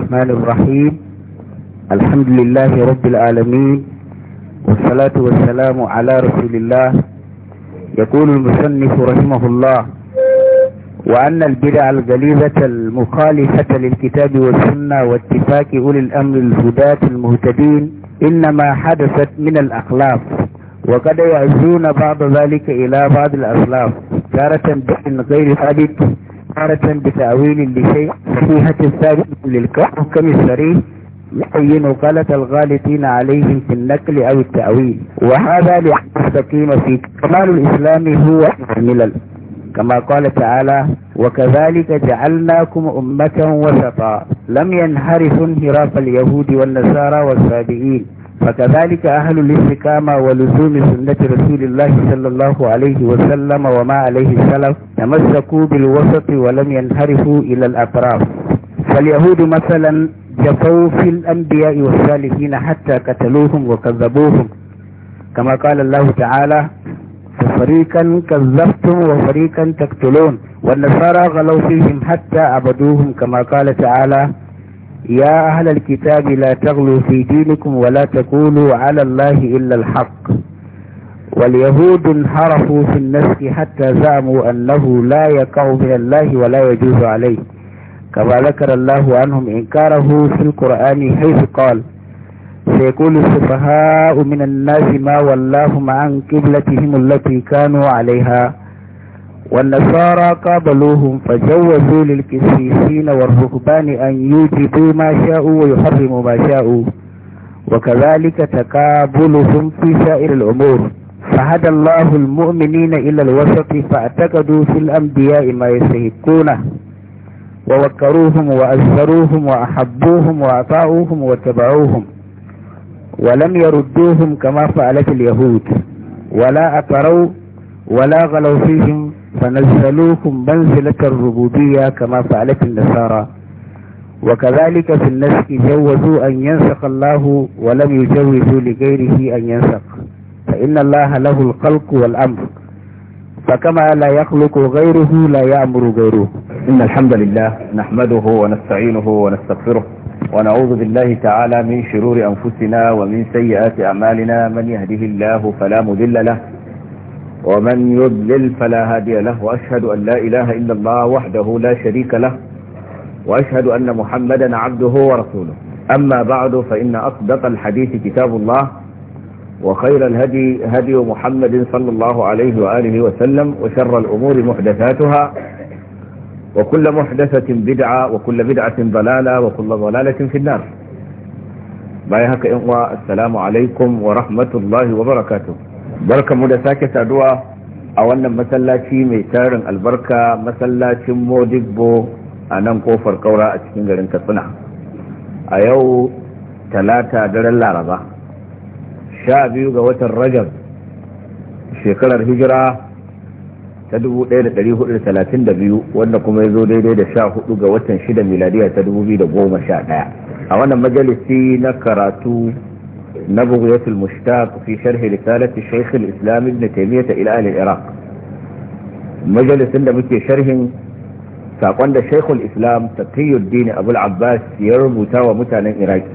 الرحمن الرحيم الحمد لله رب العالمين والصلاة والسلام على رسول الله يقول المصنف رحمه الله وأن البدع الغليظة المخالفة للكتاب والسنة واتفاق أولي الأمر الهداة المهتدين إنما حدثت من الأخلاف وقد يعزون بعض ذلك إلى بعض الأسلاف تارة بحث غير ثابت عبارة بتأويل لشيء صحيحة الثابت للحكم الشريف يعين غلط الغالطين عليهم في النقل أو التأويل وهذا ليستقيم في كمال الإسلام هو الملل كما قال تعالى وكذلك جعلناكم أمة وسطا لم ينحرف انحراف اليهود والنصارى والسابئين فكذلك أهل الاستقامة ولزوم سنة رسول الله صلى الله عليه وسلم وما عليه السلف تمسكوا بالوسط ولم ينحرفوا إلى الأطراف فاليهود مثلا جفوا في الأنبياء والصالحين حتى قتلوهم وكذبوهم كما قال الله تعالى ففريقا كذبتم وفريقا تقتلون والنصارى غلوا فيهم حتى عبدوهم كما قال تعالى يا أهل الكتاب لا تغلوا في دينكم ولا تقولوا على الله إلا الحق واليهود انحرفوا في النسك حتى زعموا أنه لا يقع من الله ولا يجوز عليه كما ذكر الله عنهم إنكاره في القرآن حيث قال سيقول السفهاء من الناس ما ولاهم عن قبلتهم التي كانوا عليها والنصارى قابلوهم فجوزوا للكسيسين والرهبان أن يوجدوا ما شاءوا ويحرموا ما شاءوا وكذلك تقابلهم في سائر الأمور فهدى الله المؤمنين إلى الوسط فاعتقدوا في الأنبياء ما يستهكونه ووكروهم وأزهروهم وأحبوهم وأطاعوهم واتبعوهم ولم يردوهم كما فعلت اليهود ولا أطروا ولا غلوا فيهم فنزلوكم منزلة الربوبية كما فعلت النصارى وكذلك في النسخ جوزوا أن ينسق الله ولم يجوزوا لغيره أن ينسق فإن الله له الخلق والأمر فكما لا يخلق غيره لا يأمر غيره إن الحمد لله نحمده ونستعينه ونستغفره ونعوذ بالله تعالى من شرور أنفسنا ومن سيئات أعمالنا من يهده الله فلا مذل له ومن يضلل فلا هادي له وأشهد أن لا إله إلا الله وحده لا شريك له وأشهد أن محمدا عبده ورسوله أما بعد فإن أصدق الحديث كتاب الله وخير الهدي هدي محمد صلى الله عليه وآله وسلم وشر الأمور محدثاتها وكل محدثة بدعة وكل بدعة ضلالة وكل ضلالة في النار بايهك إنوى السلام عليكم ورحمة الله وبركاته barkamu da sake saduwa a wannan masallaci mai tarin albarka masallacin modibbo a nan kofar kaura a cikin garin katsina a yau talata daren laraba sha biyu ga watan rajab shekarar hijira ta 1432 wanda kuma ya zo daidai da sha hudu ga watan shida miladiya ta 2011 a wannan majalisi na karatu نبغية المشتاق في شرح رسالة الشيخ الإسلام ابن تيمية إلى أهل العراق مجلس لمكي شرح saƙon da shaikhul islam taqiyuddin abul abbas ya rubuta wa mutanen iraki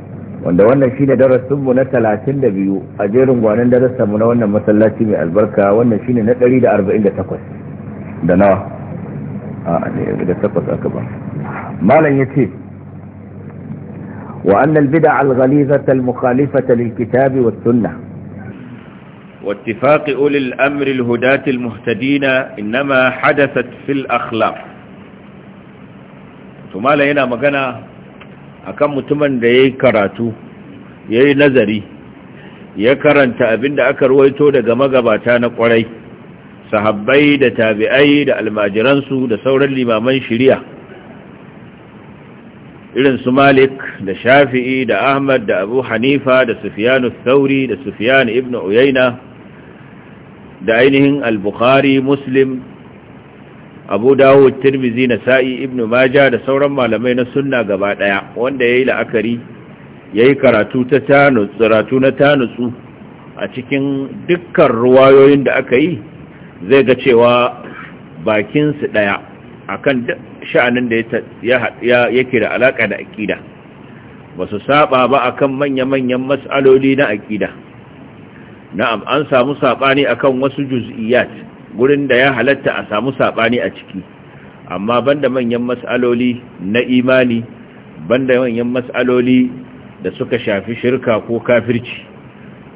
wanda wannan darasin mu na 32 a jerin gwanan darasinmu na wannan masallaci mai albarka wannan shine na 148 da nawa a ne da takwas aka ba malam yace وأن البدع الغليظة المخالفة للكتاب والسنة واتفاق أولي الأمر الهداة المهتدين إنما حدثت في الأخلاق ثم لا هنا مغانا أكم متمن دي كراتو يي نظري ya karanta abin da aka ruwaito daga magabata na kwarai sahabbai da tabi'ai da almajiransu da sauran limaman shiriya irin su malik da shafi'i da ahmad da abu hanifa da sufiyanu thauri da sufiyanu ibn uyaina da ainihin al-bukhari muslim abu dawud tirmizi na sa'i ibn maja da sauran malamai na sunna gaba daya wanda ya yi la'akari ya yi karatu na tanutsu a cikin dukkan ruwayoyin da aka yi zai ga cewa bakinsu daya akan sha'anin da yake da alaƙa da aƙida ba su saba ba a kan manya-manyan matsaloli na aƙida na'am an samu saɓani a kan wasu juz'iyat gurin da ya halatta a samu saɓani a ciki amma banda manyan matsaloli na imani banda manyan matsaloli da suka shafi shirka ko kafirci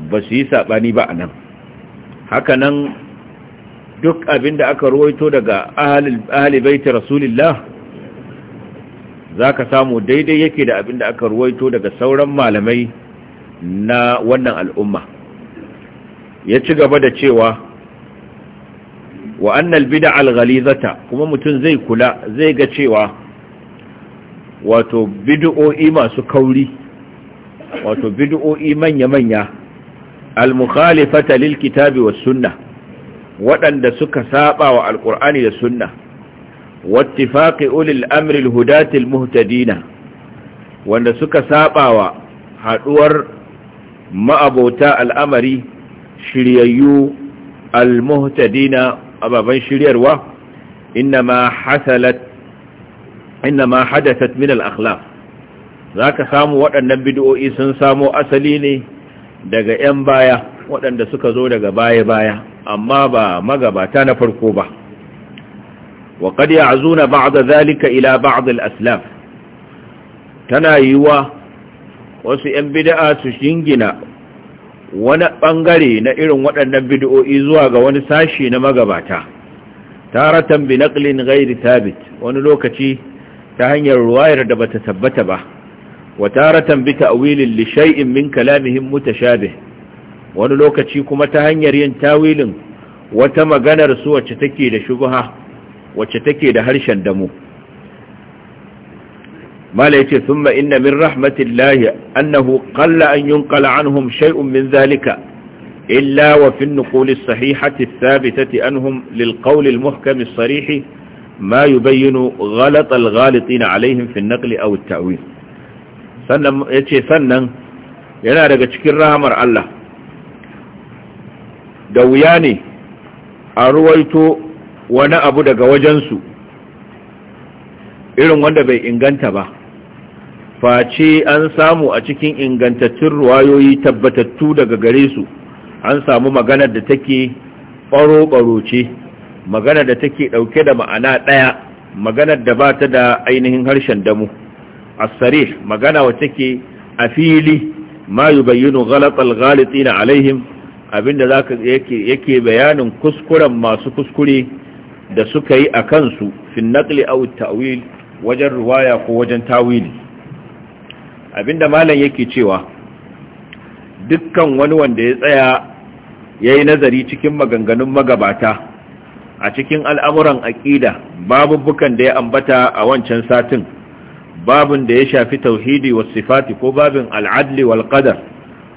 ba su yi saɓani ba a nan haka nan duk abin da aka ruwaito daga ahalin baiti rasulillah za ka samu daidai yake da abin da aka ruwaito daga sauran malamai na wannan al'umma ya ci gaba da cewa wa annal bida al-ghalizata kuma mutum zai kula zai ga cewa wato bid'o'i masu kauri wato bid'o'i manya-manya al-mukhalifata lil kitabi was sunnah waɗanda suka saba wa Alƙur'ani da sunna wattifaqi ulil amri alhudatil muhtadina wanda suka saba wa haduwar ma'abota al'amari shiryayyu almuhtadina ababan shiryarwa inma hasalat inma hadathat min al zaka samu waɗannan bid'o'i sun samo asali ne daga 'yan baya waɗanda suka zo daga baya-baya amma ba magabata na farko ba wa kad ya'zuna zalika ila ba'd al-aslaf tana yiwa wasu 'yan bida'a su shingina wani bangare na irin waɗannan bid'o'i zuwa ga wani sashi na magabata taratan bi naqlin ghairi thabit wani lokaci ta hanyar ruwayar da bata tabbata ba وتارة بتأويل لشيء من كلامهم متشابه ونلوك تشيكما تهنيرين تاويل وتما غنر سوى تشتكي لشبهة وتشتكي لهرشا دمو ما ليتي ثم إن من رحمة الله أنه قل أن ينقل عنهم شيء من ذلك إلا وفي النقول الصحيحة الثابتة أنهم للقول المحكم الصريح ما يبين غلط الغالطين عليهم في النقل أو التأويل sannan ya ce sannan yana daga cikin rahamar Allah da wuya ne a ruwaito wani abu daga wajensu irin wanda bai inganta ba face an samu a cikin ingantattun ruwayoyi tabbatattu daga gare su an samu maganar da take ɓaro-ɓaro ce maganar da take ɗauke da ma'ana ɗaya maganar da ba ta da ainihin harshen damu as-sarih magana take a fili ma yubayyinu ghalat al-ghalitin alaihim abinda zaka yake yake bayanin kuskuren masu kuskure da suka yi a kansu fin naqli aw tawil wajen riwaya ko wajen tawili abinda malam yake cewa dukkan wani wanda ya tsaya yayi nazari cikin maganganun magabata a cikin al'amuran aƙida babubukan da ya ambata a wancan satin babin da ya shafi tauhidi wa sifati ko babin al'adli wal qadar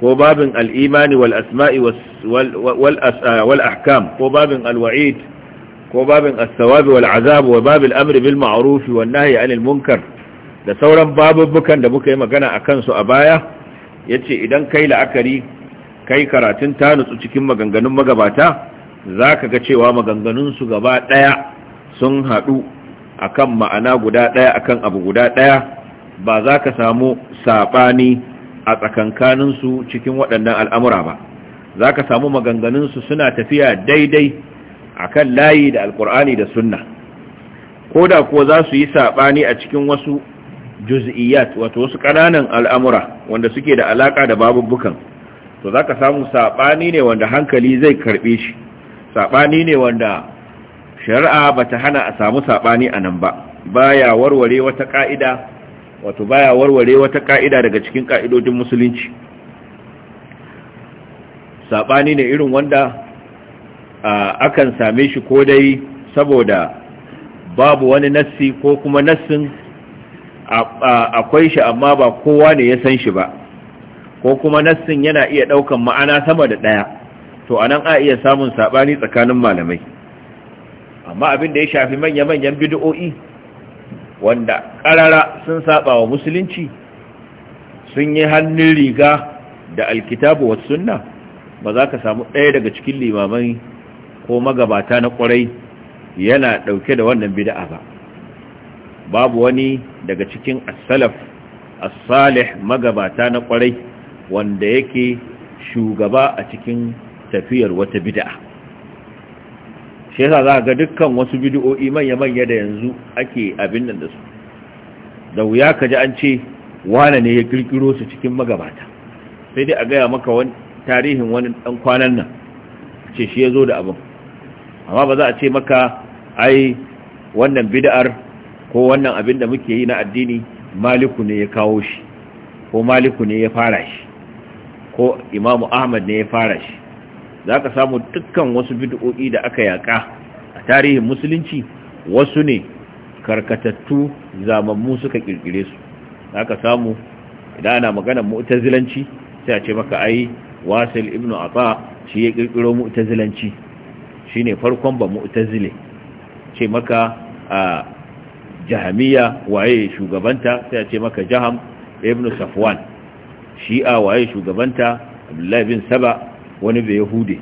ko babin al'imani wal asma'i ah, wal ahkam ko babin Al-Wa'id ko babin as-sawabi wal azab wa babil amri bil ma'ruf wan nahyi anil munkar da sauran babubukan da muka yi magana akan su a baya yace idan kai la'akari kai karatun ta nutsu cikin maganganun magabata zaka ga cewa maganganun su gaba daya sun haɗu. akan ma'ana guda ɗaya akan abu guda ɗaya ba za ka samu saɓani a su cikin waɗannan al'amura ba za ka samu maganganunsu suna tafiya daidai akan layi da alƙur'ani da sunna ko da kuwa za su yi saɓani a cikin wasu juz'iyat wato wasu ƙananan al'amura wanda suke da alaƙa da babubbukan to za ka samu saɓani ne wanda hankali zai karɓe shi saɓani ne wanda shari'a bata hana a samu saɓani a nan ba baya warware wata ka'ida wato baya warware wata ƙa'ida daga cikin ka'idojin musulunci Saɓani ne irin wanda akan same shi ko dai saboda babu wani nassi ko kuma nassin akwai shi amma ba kowa ne ya san shi ba ko kuma nassin yana iya ɗaukan ma'ana sama da ɗaya. to anan a iya samun saɓani tsakanin malamai amma abin da ya shafi manya-manyan bid'o'i wanda ƙarara sun saba wa musulunci sun yi hannun riga da alkitabu wa sunna ba za ka samu ɗaya daga cikin limamai ko magabata na ƙwarai yana ɗauke da wannan bida'a ba babu wani daga cikin asalaf salaf magabata na ƙwarai wanda yake shugaba a cikin tafiyar wata bida'a. shi yasa za ga dukkan wasu bidiyo'i manya-manya da yanzu ake abin nan da su da wuya ka ji an ce wane ne ya kirkiro su cikin magabata sai dai a gaya maka wani tarihin wani dan kwanan nan ce shi ya zo da abin amma ba za a ce maka ai wannan bid'ar ko wannan abin da muke yi na addini maliku ne ya kawo shi ko maliku ne ya fara shi ko imamu ahmad ne ya fara shi za ka samu dukkan wasu bid'o'i da aka yaka a tarihin musulunci wasu ne karkatattu zamammu suka ƙirƙire su za ka samu idan ana maganar mu'tazilanci sai a ce maka ai wasil ibnu ata shi ya ƙirƙiro mu'tazilanci shine farkon ba mu'tazile ce maka a jahamiya waye shugabanta sai a ce maka jaham ibnu safwan shi'a waye shugabanta abdullahi bin saba wani bai yahude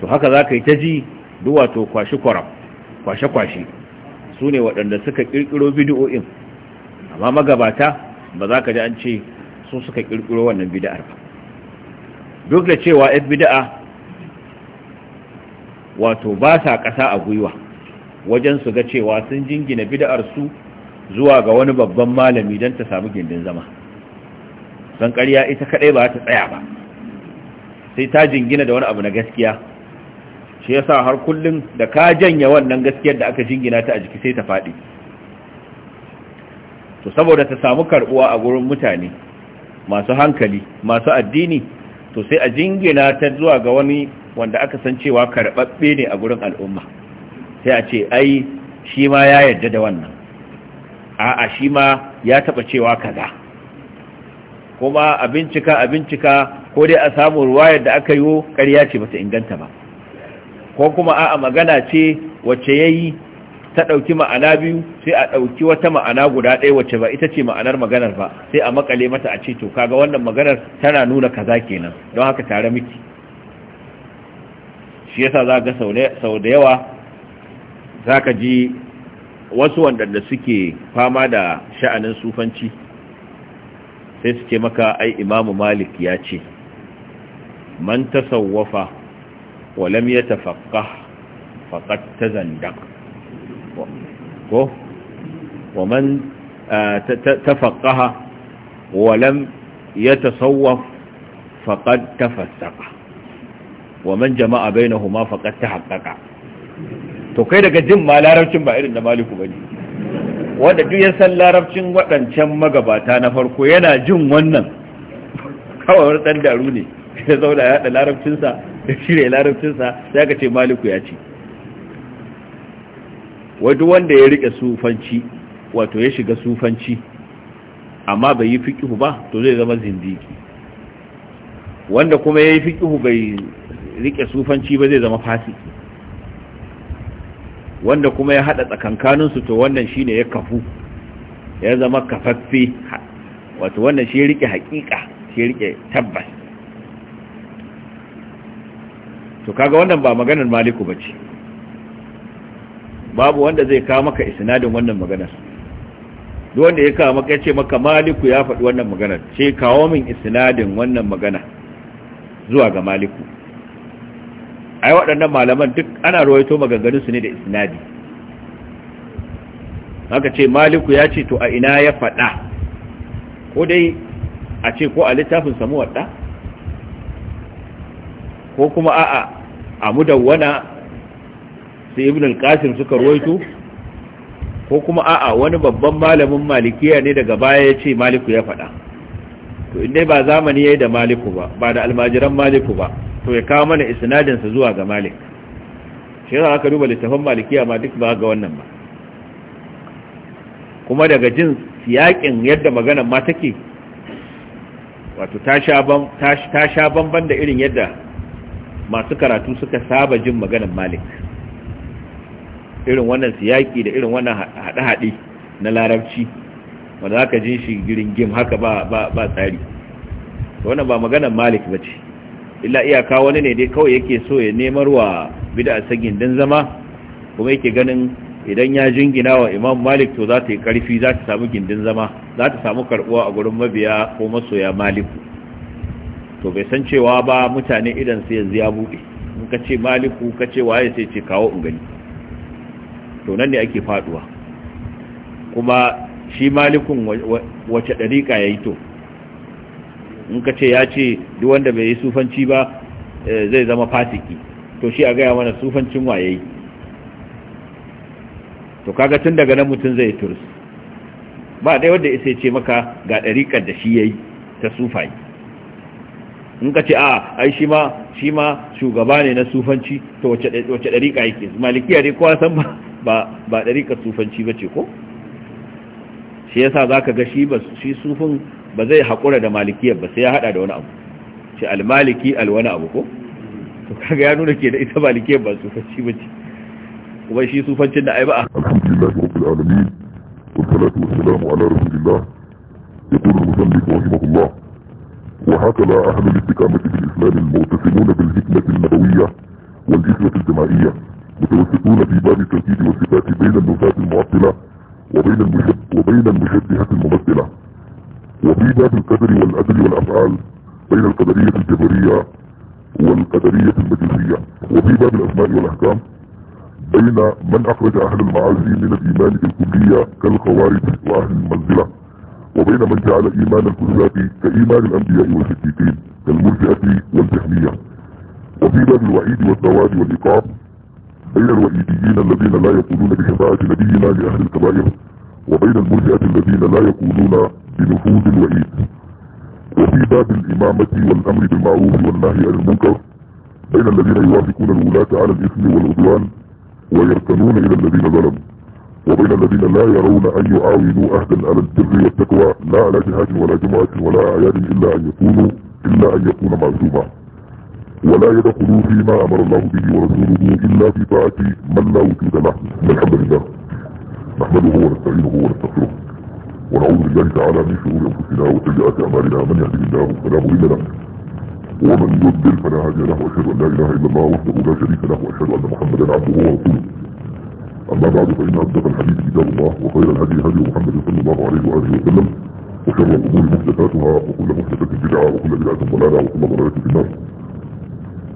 to haka za ka yi ta ji duwato kwashe-kwashe su ne waɗanda suka ƙirƙiro bidiyo'in amma magabata ba za ka ji an ce su suka ƙirƙiro wannan bida'ar ba duk da cewa yan bida'a wato ba sa ƙasa a gwiwa wajen su ga cewa sun jingina bida'ar su zuwa ga wani babban malami don ta samu gindin zama san ƙarya ita kaɗai ba ta tsaya ba sai ta jingina da wani abu na gaskiya shi yasa har kullum da ka janya wannan gaskiyar da aka jingina ta a jiki sai ta faɗi to saboda ta samu karbuwa a gurin mutane masu hankali masu addini to sai a jingina ta zuwa ga wani wanda aka san cewa karɓaɓɓe ne a gurin al'umma sai a ce ai shi ma ya yarda da wannan a'a shi ma ya taɓa cewa kaza kuma a bincika a bincika ko dai a samu ruwayar da aka yi ƙarya ce bata inganta ba ko kuma a'a magana ce wacce yayi ta ɗauki ma'ana biyu sai a ɗauki wata ma'ana guda ɗaya wacce ba ita ce ma'anar maganar ba sai a makale mata a ce to kaga wannan maganar tana nuna kaza kenan don haka tare miki shi yasa za ga sau da yawa za ka ji wasu wanda suke fama da sha'anin sufanci sai su ce maka ai imamu malik ya ce man ta tasawwafa wa lam yatafaqqah faqad tazandaq ko wa man ya ta lam yatasawwaf ta tafassaqa wa man jama'a bai na huma bainahuma ta tahaqqaqa to kai daga jin ma larabcin ba irin da maliku ba ne. wanda duk ya san larabcin waɗancan magabata na farko yana jin wannan kawai wani ɗan daru ne ya zauna ya haɗa larabcinsa ya shirya larabcinsa ya ka ce maliku ya ce wadu wanda ya riƙe sufanci wato ya shiga sufanci amma bai yi fiƙihu ba to zai zama zindiki wanda kuma ya yi fiƙihu bai riƙe sufanci ba zai zama fasiki wanda kuma ya hada tsakankaninsu to wannan shi ya kafu ya zama kafaffe wato wannan shi rike hakika shi rike tabbas to kaga wannan ba maganar maliku bace babu wanda zai kawo maka isnadin wannan maganar duk wanda ya kawo maka yace maka maliku ya faɗi wannan maganar ce kawo min isnadin wannan magana zuwa ga maliku ai waɗannan malaman duk ana rawaito maganganun su ne da isnadi haka ce maliku ya ce to a ina ya faɗa ko dai a ce ko a littafin samu wadda ko kuma a'a a mudawwana sai ibn al-qasim suka rawaito ko kuma a'a wani babban malamin malikiya ne daga baya ya ce maliku ya faɗa to in ba zamani yayi da maliku ba ba da almajiran maliku ba to ya kawo mana isnadinsa zuwa ga malik shi yana aka duba littafin malikiya ma duk ba ga wannan ba kuma daga jin siyakin yadda maganan ma take wato ta sha bamban da irin yadda masu karatu suka saba jin maganan malik irin wannan siyaki da irin wannan haɗe-haɗe na larabci wanda za ka jin shi girin gim haka ba tsari wannan ba maganan malik ba ce illa iyaka wani ne dai kawai yake so ya nemar wa bid'a sagin dan zama kuma yake ganin idan ya jingina wa imam malik to za ta yi karfi za ta samu gindin zama za ta samu karbuwa a gurin mabiya ko masoya maliku to bai san cewa ba mutane idan sai yanzu ya buɗe in ka ce maliku ka ce waye sai ce kawo in gani to nan ne ake faduwa kuma shi malikun wace ɗariƙa ya yi to in ka ce ya ce duk wanda bai yi sufanci ba eh, zai zama fasiki to shi a gaya mana sufancin waye yi to kaga tun daga nan mutum zai turus ba dai wanda isa ce maka ga ɗariƙar da shi ya yi ta sufai in ka ce a ai shi ma shi ma shugaba ne na sufanci to wace ɗariƙa yake malikiya dai kowa san ba ba ɗariƙar sufanci ba ce ko shi yasa zaka ga shi ba shi sufin ba zai hakura da malikiyar ba sai ya hada da wani abu shi almaliki alwani abu ko to kaga ya nuna ke da ita malikiyar ba sufanci ba ce kuma shi sufancin da ai ba alhamdulillahi rabbil alamin wa wa salatu salamu ala rasulillah musalli wa والسلام على رسول الله يقول المسلم رحمه islam al-mu'tasimun bil hikmah الإسلام nabawiyyah wal hikmah al-jama'iyyah متوسطون في باب التوكيد والصفات بين النفاة المعطلة وبين المجد وبين المشبهة الممثلة وفي باب القدر والأدل والأفعال بين القدرية الجبرية والقدرية المجلسية وفي باب الأسماء والأحكام بين من أخرج أهل المعازي من الإيمان الكلية كالخوارج وأهل المنزلة وبين من جعل إيمان الكليات كإيمان الأنبياء والصديقين كالمرجئة والجهمية وفي باب الوعيد والثواب والإيقاف بين الوليديين الذين لا يقولون بشفاعة نبينا لأهل الكبائر وبين المرجئة الذين لا يقولون بنفوذ الوعيد وفي باب الإمامة والأمر بالمعروف والنهي عن المنكر بين الذين يوافقون الولاة على الإثم والعدوان ويركنون إلى الذين ظلموا وبين الذين لا يرون أن يعاونوا أهدا على البر والتقوى لا على جهاد ولا جمعة ولا أعياد إلا أن يكونوا إلا أن يكون معزوما ولا يدخلوا فيما امر الله به ورسوله الا في طاعه من لا وجود له الحمد لله نحمده ونستعينه ونستغفره ونعوذ بالله تعالى من شرور انفسنا وسيئات اعمالنا من يهده الله فلا مضل له ومن يضلل فلا هادي له واشهد ان لا اله الا الله وحده لا شريك له واشهد ان محمدا عبده ورسوله اما بعد فان اصدق الحديث كتاب الله وخير الهدي هدي محمد صلى الله عليه واله وسلم وشر الامور محدثاتها وكل محدثه بدعه وكل بدعه ضلاله وكل ضلاله في النار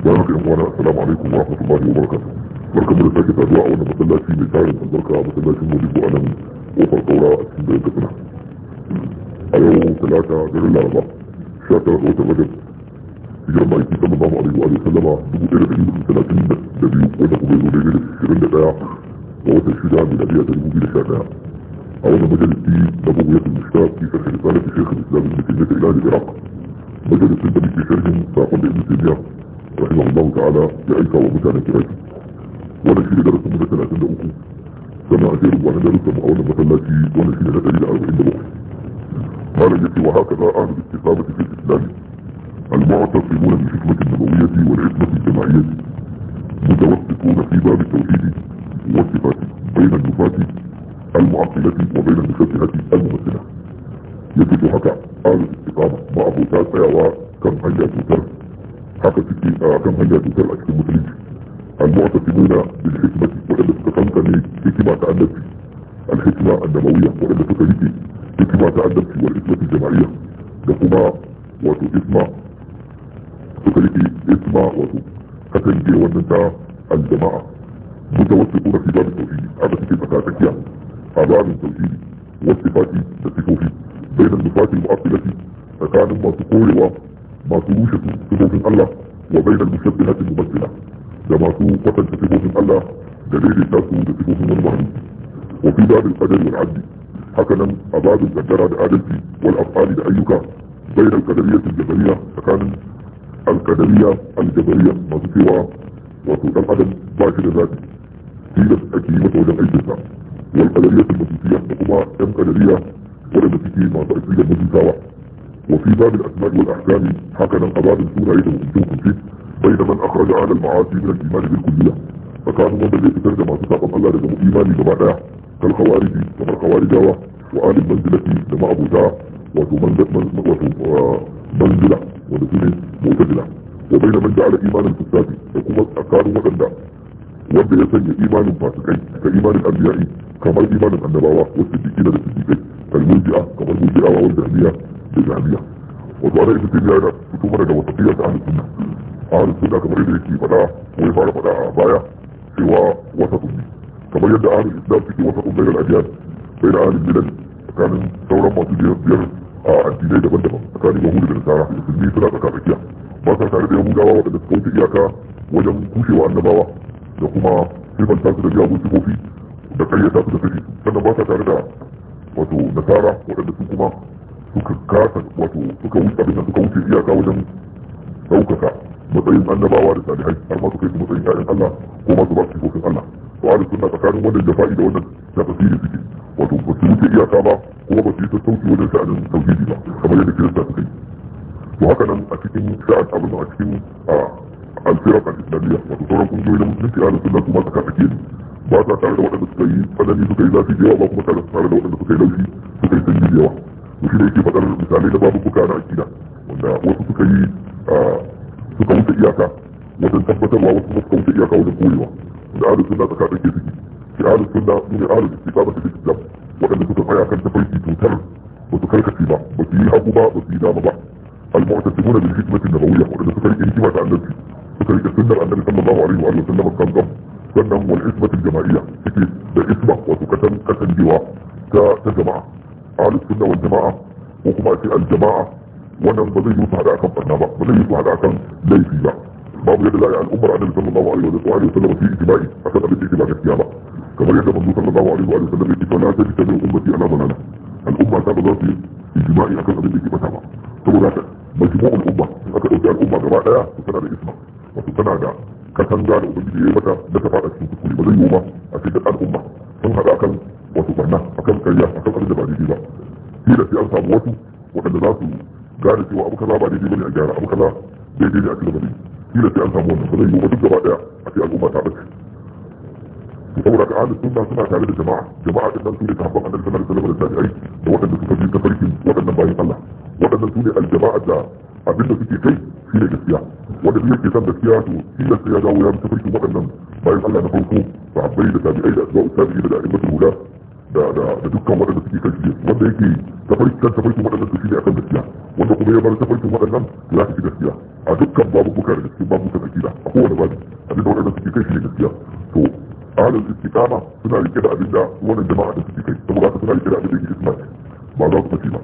بارك يا اخوانا السلام عليكم ورحمة الله وبركاته بركة من الساكة الدعاء وانا بطلع في مكان البركة بطلع في مجيب وانا وفر طورة بيتنا ايو ثلاثة غير الله ربا شاكرة وثلاثة رجب يجرم ايكي صلى الله عليه وآله وسلم دبو ايلة عيو من ثلاثين نبي وانا قبيل وليل شرين نتاع ووثل شدان من ابيات المجيب الشاكرة اوانا مجال في نبوية المشتاب في فرح رسالة الشيخ الاسلام المتنة الاجل العراق مجال التنبي في شرهم فاقل ابن تيمية رحمه الله تعالى يعيشها ومكانة كرايته وانا شيء درس من ثلاثة دقوكم كما أشير وانا درس مؤولا مثلاتي وانا شيء نتريد على ما بخش قال جدي وهكذا أهل الاستقامة في الإسلام المعتصمون بالحكمة النبوية والعصمة الجماعية متوسطون في باب التوحيد والصفات بين النفاة المعقلة وبين المشبهة الممثلة يجد حكى أهل الاستقامة مع بوتات سيوا أيوة، كم هيا بوتات حقيقي كان هيا تسال اكتب مسلمين المعتصمون بالحكمة وإلا تتفهمت ليه حكمة تأدبتي الحكمة النموية وإلا تتريكي حكمة تعلمت والحكمة الجماعية لكما واتو إثمة تتريكي إثمة واتو كتنجي وننتا الجماعة متوسطون في باب التوحيد هذا في يا أبعاد التوحيد والصفات التفوحي بين النفات المعطلة فكان ما تقول ما تروش تبوك الله وبين المشبهات المبتلة لما تروا في تبوك الله دليل تاتوا تبوك الله وفي باب القدر والعدل حكنا أباد الزجرة لآدلتي والأفعال لأيك بين القدرية الجبرية فكان القدرية الجبرية ما تسوى وتؤدى القدم باشر ذاتي في نفس أكيمة وجمع الجزاء والقدرية المسيطية تقوم أم قدرية ولم تكي ما تأكيد المسيطة وفي باب الأسماء والأحكام حكم القضاء بالسورة أيضا وإنتوكم فيه بين من أخرج أهل المعاصي من الإيمان بالكلية فكانوا من الذي ترجم عن ساقم الله لجم إيماني بمعناه كالخوارج كما الخوارج وآل المنزلة لما أبو تاع ومنزلة آه، منزلة معتدله وبين من جعل إيمان الفساد يقوم أكان وغندا wanda ya إيمان فاسقين كإيمان الأنبياء كما إيمان النبوة imanin annabawa wasu كما da siddiqai islamiyya wato ana isa tafiya yana fito mana da wata tafiya ta ahalin sunna ahalin sunna kamar yadda yake faɗa ko ya fara faɗa a baya cewa wata sunni kamar yadda ahalin islam suke wata sun bayan bai da ahalin milan tsakanin sauran masu biyar biyar a addinai daban-daban tsakanin yahudu da nasara da sunni suna tsakatsakiya ba sa tare da yahudawa waɗanda suka wuce iyaka wajen kushewa annabawa da kuma sifanta su da miyagun sifofi da karyata su da kashi sannan ba sa tare da wato nasara waɗanda su kuma suka kasa wato suka wuce abin suka wuce iyaka wajen ɗaukaka matsayin annabawa da salihai har ma su kai su matsayin ƴaƴan Allah ko ma su ba su kofin Allah to ahli sunna tsakanin wannan jafa'i da wannan tafsiri suke wato ba su wuce iyaka ba kuma ba su yi tattauci wajen sha'anin tauhidi ba kamar yadda kirista suka yi to haka nan a cikin sha'an abin a cikin alfirar a islamiyya wato sauran kungiyoyi na musulunci ahli sunna kuma tsaka tsakiya ba sa tare da waɗanda suka yi tsanani suka yi zafi da yawa ba kuma tare da waɗanda suka yi laushi suka yi sanyi da yawa shi da yake faɗar misalai na babubuka na akida wanda wasu suka yi suka wuce iyaka wajen tabbatarwa wasu kuma suka wuce iyaka wajen koyewa da ahlus sunna tsaka take suke shi ahlus sunna su ne ahlus istiqama ta kitab waɗanda suka tsaya kan tafarki tutar ba su karkace ba ba su yi hagu ba ba su yi dama ba al-mu'tasimuna bil hikmati nabawiyya waɗanda suka rike hikima ta annabi suka rike sunnar annabi sallallahu alaihi wa sallam kan kan sannan wal ismatu al-jama'iyya suke da isma wato kasan kasancewa ta jama'a على السنة والجماعة وكما في الجماعة ونن بدي يوسع لأكا بأنابا بدي يوسع لأكا لي فيها باب يد الله عن أمر النبي صلى الله عليه وسلم في إجماعي أكد أبي في الكيامة كما يد من صلى الله عليه وسلم في الكيامة كما يد من صلى الله عليه الأمة كما ذات إجماع أكد أبي إجماع الكيامة ثم ذات مجموع الأمة أكد أبي الأمة كما آية وسنى لإسمه وسنى دا كتنجان أبي إجماع الكيامة لتفارك سوك كل يوما أكد الأمة ثم wato barna akan karya akan abin da ba daidai ba hira sai an samu wasu waɗanda za su gane cewa abu kaza ba daidai bane a gyara abu kaza daidai ne a cikin bane hira sai an samu wannan ba zai yi wata gaba daya a cikin al'umma ta ɗauka saboda ka ahlus sunna suna tare da jama'a jama'a din nan su ne sahabban annabi sallallahu alaihi wasallam da tabi'ai da waɗanda suka bi tafarkin waɗannan bayan Allah waɗannan su ne aljama'a da abinda suke kai shi ne gaskiya wanda duk yake san gaskiya to tilas ya dawo ya bi tafarkin waɗannan bayan Allah na farko sahabbai da tabi'ai da asba'u tabi'in da a'immatul huda da da dukkan waɗanda suke kan shirya wanda yake tafarki kan tafarkin waɗanda suke shirya kan gaskiya wanda kuma ya bar tafarkin waɗannan za su gaskiya a dukkan babubuka da cikin babubukan akida a kowane babu abin da waɗanda suke kan shirya gaskiya to ahalin kama suna rike da abinda da wannan jama'a da suke kai saboda haka suna rike da abinda yake ismail ba za su fashi ba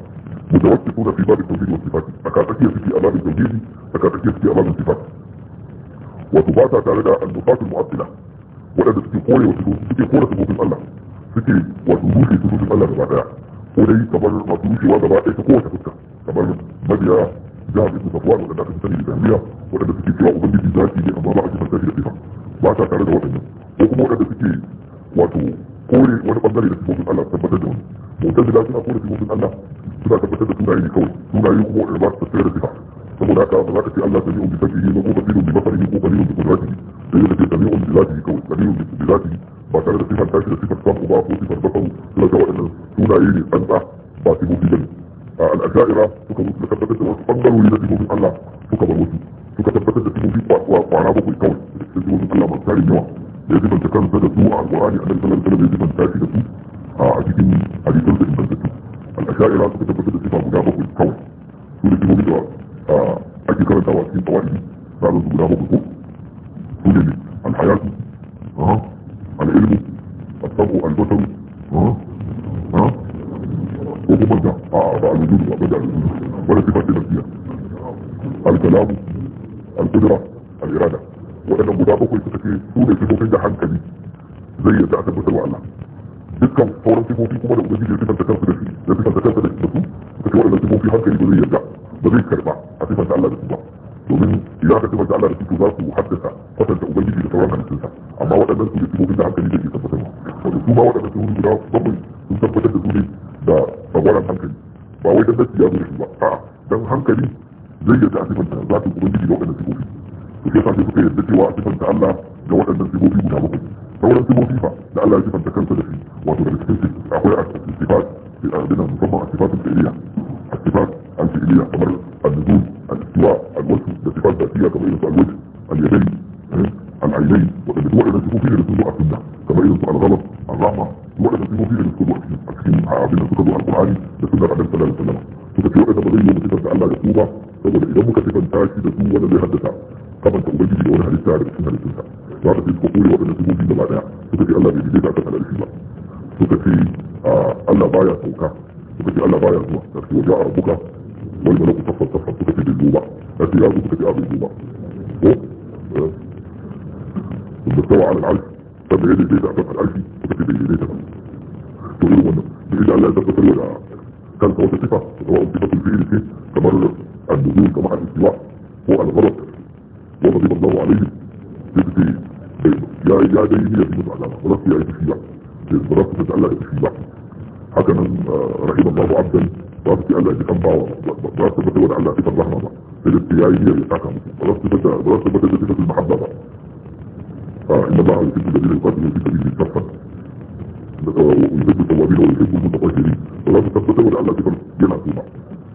متوسطون في باب التوحيد والصفات أكاتكية في أمام التوحيد أكاتكية في أمام الصفات وتباتع تعالى النقاط المعطلة ولا تكون قولي وتكون قولة في Allah suke wato rushe sufufin Allah gaba daya ko dai kamar wato rushewa gaba daya ta kowace fuska kamar mabiya jihar ibn safwan wadanda aka sani da jami'a wadanda suke cewa ubangiji zaki ne amma ba a jifar tashi da sifa ba ta tare da waɗannan ko kuma wadanda suke wato kore wani bangare da sifofin Allah tabbatar da wani mu'tazila suna kore sifofin Allah suna tabbatar da sunaye kawai sunaye kuma wadanda ba su da sifa saboda haka ba za ka ce Allah sami'un bi sakihi ko bi ko bi sai ka ce kawai bi ba tare da sifar tashi da sifar samu ba ko sifar basaru suna ga waɗannan sunaye ne tsantsa ba sifofi ba ne a al'asha'ira suka zo suka tabbatar da wasu ɓangarori na sifofin Allah suka bar wasu suka tabbatar da sifofi kwara bakwai kawai da sifofin Allah masu tarin yawa da ya sifanta kansa da su a alƙur'ani a dalilin sallar da ya sifanta shi da su a cikin hadisan da ingantattu al'asha'ira suka tabbatar da sifa guda bakwai kawai su da sifofi da ake karantawa cikin tawari ranar su guda bakwai ko su ne alhayatu uh-huh. على علمه اتقوا ان ها ها وهو بدع آه، بعد جزء بدع ولا صفه الا فيها الكلام القدره الاراده وانا مدافق ويتكي دون يتكي عند حنكبي زي تعتب وتلوى الله ذكر فورا تكون فيكم ولا اجيب يجب ان تكرت به يجب ان تكرت به بسو وتكي ولا تكون في حنكبي بذي يرجع بذي الكلمة عصيفا تعالى بسوطة ومن إلهة تبقى تعالى بسوطة ذاته وحدثة فتنت أبيدي لتوانا من تنسى amma waɗannan su ne sifofin da hankali zai tabbatar wato su ma waɗannan sun guda bakwai sun tabbatar da su ne da tsagwaron hankali ba wai dan nasi ya zo da shi ba a'a dan hankali zai yarda a sifanta zatin ubangiji da waɗannan sifofi to shi yasa sai suka yarda cewa a sifanta Allah da waɗannan sifofi guda bakwai sauran sifofi fa da Allah ya sifanta kansa da shi wato daga cikin akwai a sifat بنا نطبق الصفات الفعلية الصفات الفعلية كمر النزول الاستواء الوجه الصفات الذاتية كما ينفع الوجه اليدين العينين وإذا تبقى إذا تقول فيه للتبقى في الدم كما إذا تبقى الغلط الرحمة تبقى إذا تبقى فيه للتبقى في الأكسين عابين تبقى القرآني لتبقى عدد سلالة سلامة تبقى إذا بغي يوم تبقى تعالى يقوبة تبقى إذا مكتبا تبقى تبقى تقول ولا بيها الدفاع كما أنت أبدي لي أولها للتاعة بسنها للتنسى وعلى تبقى قولي وإذا تبقى فيه للعناع تبقى ألا بيدي ليه بعتك على الإسلام تبقى في ألا آه، بايا توكا تبقى ألا بايا توكا تبقى وجاء ربك والملوك صفا صفا تبقى في بالبوبة أتي يا ربك تبقى بالبوبة الدكتور على العلم طب ايه اللي ده طب العلم طب ايه ليه تمام تقول له بيجي على ده تقول كان هو الصفة هو صفة الفيل في تمرد النزول طبعا الاستواء هو الغلط وغضب الله عليه تبتي يا يا ديني يا بنت علامة ولك يا الغلط بتتعلق في يتشيع حكما رحم الله عبدا ضربت على دي خمبا ضربت بتود على دي الرحمة بقى الابتياعي هي اللي تحكم ضربت بتد ضربت بتد المحبة فإن الله يحب الذين يقاتلون في سبيله كافة ويحب التوابين ويحب المتطهرين ولا تستطيعوا لئلا تكون ينعسونا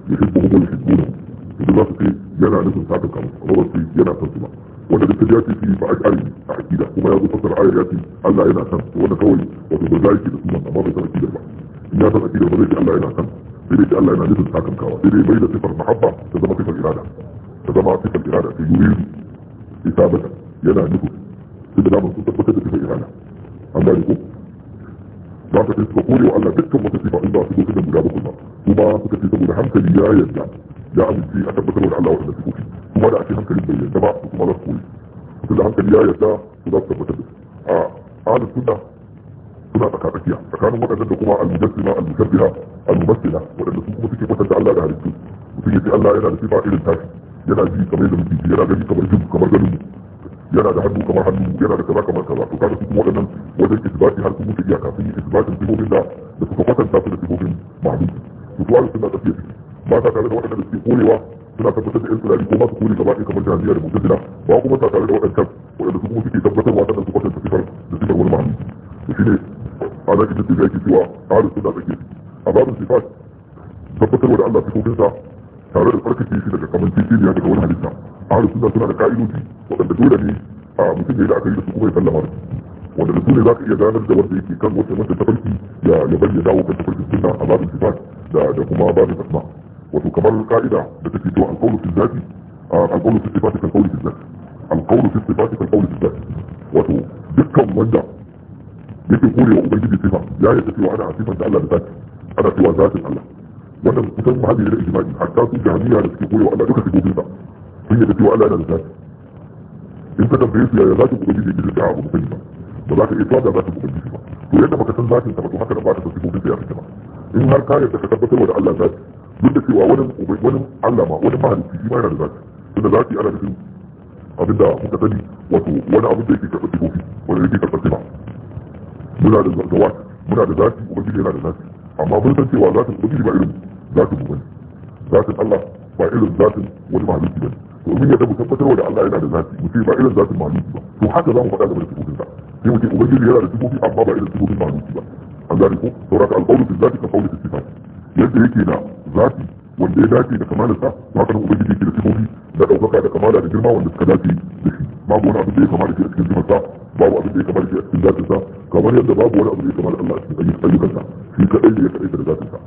يحبهم ويحبونهم بدراسة ينا نزل ساعتك غرض في ينا تنسمع وانا بالتجاتي في فأشعري أحكينا وما يضو فصل ياتي ألا ينا تنس وانا كوي وتبرزايك بسمان أمامي تنكيد المعنى إنا تنكيد المريك ألا ينا تنس بليك ألا ينا نزل ساعتك كوا بلي بين صفر محبة تزمى صفر إرادة تزمى صفر إرادة يريد إثابة ينا نفس sai da su tabbatar da ita irana an gane ko za ka kai suka kore wa Allah dukkan wata sifa in ba su kofi da guda bakwai ba kuma suka ce saboda hankali ya yarda ya amince a tabbatar da Allah waɗanda sifofi kuma da ake hankalin bai yarda ba su kuma za su kore tunda hankali ya yarda su za su tabbatar da a ahlus sunna suna tsakatsakiya tsakanin waɗannan da kuma al-mujassima al-mushabbiha al-mumassila waɗanda su kuma suke kwatanta Allah da halittu mutum ya ce Allah yana da sifa irin tashi yana ji kamar yadda mutum yana gani kamar jin kamar ganin mu yana da hannu kamar hannu yana da kaza kamar kaza to kaga su kuma waɗannan wajen isbati har sun wuce iyaka sun yi isbatin sifofin da da suka kwatanta su da sifofin ma'lum to su alu suna tafiya ba sa tare da waɗanda suke korewa suna tabbatar da yan turari ko masu kore gaba ɗaya kamar jami'a da mutum ba kuma sa tare da waɗancan waɗanda su kuma suke tabbatarwa da su kwatanta sifar da sifar wani ma'lum to ne a zaki da tafiya yake cewa alu suna tafiya a babin sifat tabbatarwa da Allah sifofinsa tare da tsarkake shi daga kamar titiliya daga wani halitta ahlus sunna suna da ka'idoji waɗanda dole ne a mutum da ya la'akari da su kuma ya sallama da su wanda da su ne za ka iya ganar da wanda yake kan wata wata tafarki ya ya bari ya dawo kan tafarkin sunna a babin sifat da da kuma babin asma wato kamar ka'ida da take cewa alqawlu fi dhati alqawlu fi sifati kal qawli fi dhati alqawlu fi sifati kal qawli fi dhati wato dukkan wanda yake korewa ubangiji sifa ya yi tafiya ana sifar da Allah da zati ana cewa zatin Allah وانا بتسمى هذه الاجتماعي حتى تيجي عليها لتكيبولي وانا لك تكيبولي بقى التي يبتي وقال انا لذات انت كان في اسيا ذات مقدسي في الدعاء مقدسي بقى بلاك اطلاع ذات مقدسي بقى تو يتبا كتن ذات انت بتوحك انا بعد تكيبولي بقى كتبا ان هر كاية تكتبت الوضع الله ذات بدك في وانا وانا علما وانا ما هنسي ما لذات انا ذاتي انا بسي ابدا مكتبي وتو وانا ابدا يكي تكتبولي وانا يكي تكتبا بلاد الزوات بلاد ذاتي وبدي لنا لذاتي amma mun san cewa zatin ubangiji ba irin zatin mu bane zatin Allah ba irin zatin wani mahalicci bane to mun yadda mu tabbatar da Allah yana da zati mu ce ba irin zatin mahalicci ba to haka za mu faɗa game da sifofinsa sai mu ce ubangiji yana da sifofi amma ba irin sifofin mahalicci ba an gane ko sauraka alƙawlu fi zati ka qawli fi sifati yadda yake da zati wanda ya dace da kamalarsa to haka nan ubangiji yake da sifofi da ɗaukaka da kamala da girma wanda suka dace da shi babu wani abu da ya kamata ke a cikin sifarsa babu abu da ya kamata ke a cikin zatinsa kamar yadda babu wani abu da ya kamata Allah a cikin ayyukansa shi kaɗai da ya kaɗai da zatinsa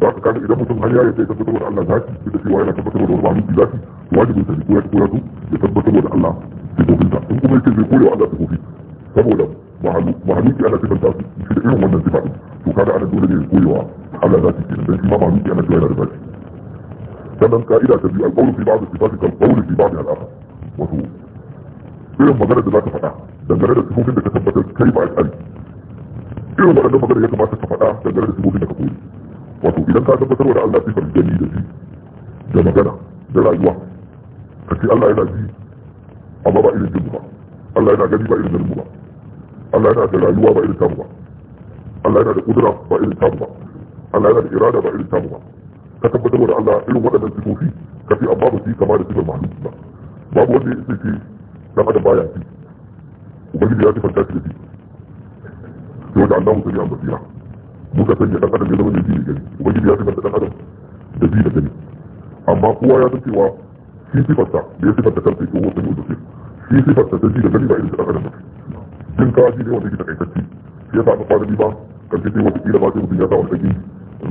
ba ka kaga idan mutum har ya yarda ya tabbatar da Allah zaki duk da cewa yana tabbatar da wani mahaluki zaki wajibin sa ne ko ya ko ya ya tabbatar da Allah sifofinsa in kuma yake zai korewa Allah sifofi saboda ba mahaluki ana sifanta su shi da irin wannan sifa to kaga ana dole ne ya korewa Allah zaki kenan dan shi ma mahaluki ana cewa yana da zaki كمان قائلة كبير القول في بعض الصفات كالقول في بعضها الاخر وتقول ايه المجال اللي بعت فتحها؟ ده المجال اللي تشوف انك تثبت كيف عايز قلب ايه المجال اللي بعت فتحها؟ ده المجال اللي تشوف انك تقول وتقول اذا انت هتثبت ولا قال لها في فرق جميلة دي ده مجالها ده لا يوحى فتي قال لها انا دي الله بقى الى الجنبها قال لها انا جديد بقى الى الجنبها قال لها انا ده لا يوحى بقى الى الكامبها قال لها انا ده قدرة بقى الى الكامبها قال لها انا ده اراده بقى الى الكامبها ka tabbatar da Allah irin waɗannan sifofi ka ce amma ba su yi kama da sifar mahaluki ba babu wanda ya ce dan adam baya ci ubangiji ya sifar tashi da ci sai wanda Allah musulmi an basira muka sanya ɗan adam ya zama da ji da gani ubangiji ya sifar da dan adam da ji da gani amma kowa ya san cewa shi ta, da ya sifarta kansa ya kowa sanya da shi sifarta ta ji da gani ba irin da ɗan adam ba jin kashi ne wanda ke takaitacci shi ya sa ka fara ba karshe sai wata kila ba sai mutum ya sa wani ɗan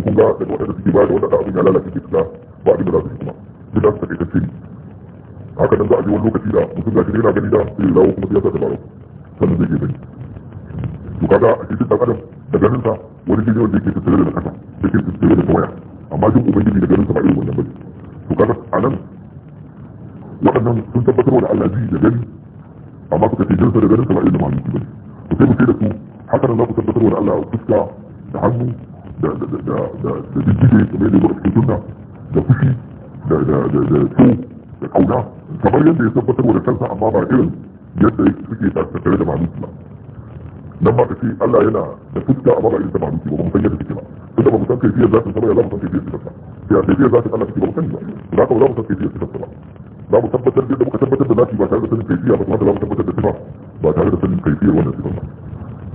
kun ga daga wadanda suke bayar da wadanda abin ya lalace ke fita ba abin da za su yi kuma duk za su takaitacce ne haka nan za a je wani lokaci da mutum da shi yana gani da sai dawo kuma siyasa da baro sannan zai ke gani to kaga a cikin dan adam da ganin sa wani jini wanda yake tattare da kasa yake tattare da tawaya amma jin ubangiji da ganin sa ba irin wannan bane to kaga a nan waɗannan sun tabbatar da Allah ji da gani amma suka ce jinsa da ganin sa ba irin da maliki bane to sai mu ce da su haka nan za ku tabbatar da Allah fuska da hannu da da da da da da jijjige da fushi da da da da so da kauna kamar yadda ya tabbatar da kansa amma ba irin yadda suke tattare da maluki ba nan ba ta ce Allah yana da fuska amma ba irin ta maluki ba ba mu yadda suke ba tunda ba mu san za zatin sama ya za mu san kaifiyar sifarsa ya kaifiyar zatin Allah suke ba mu ba za ka za mu san kaifiyar sifarsa ba za mu tabbatar da muka tabbatar da zafi ba tare da sanin kaifiya ba kuma za mu tabbatar da sifa ba tare da sanin kaifiyar wannan sifar ba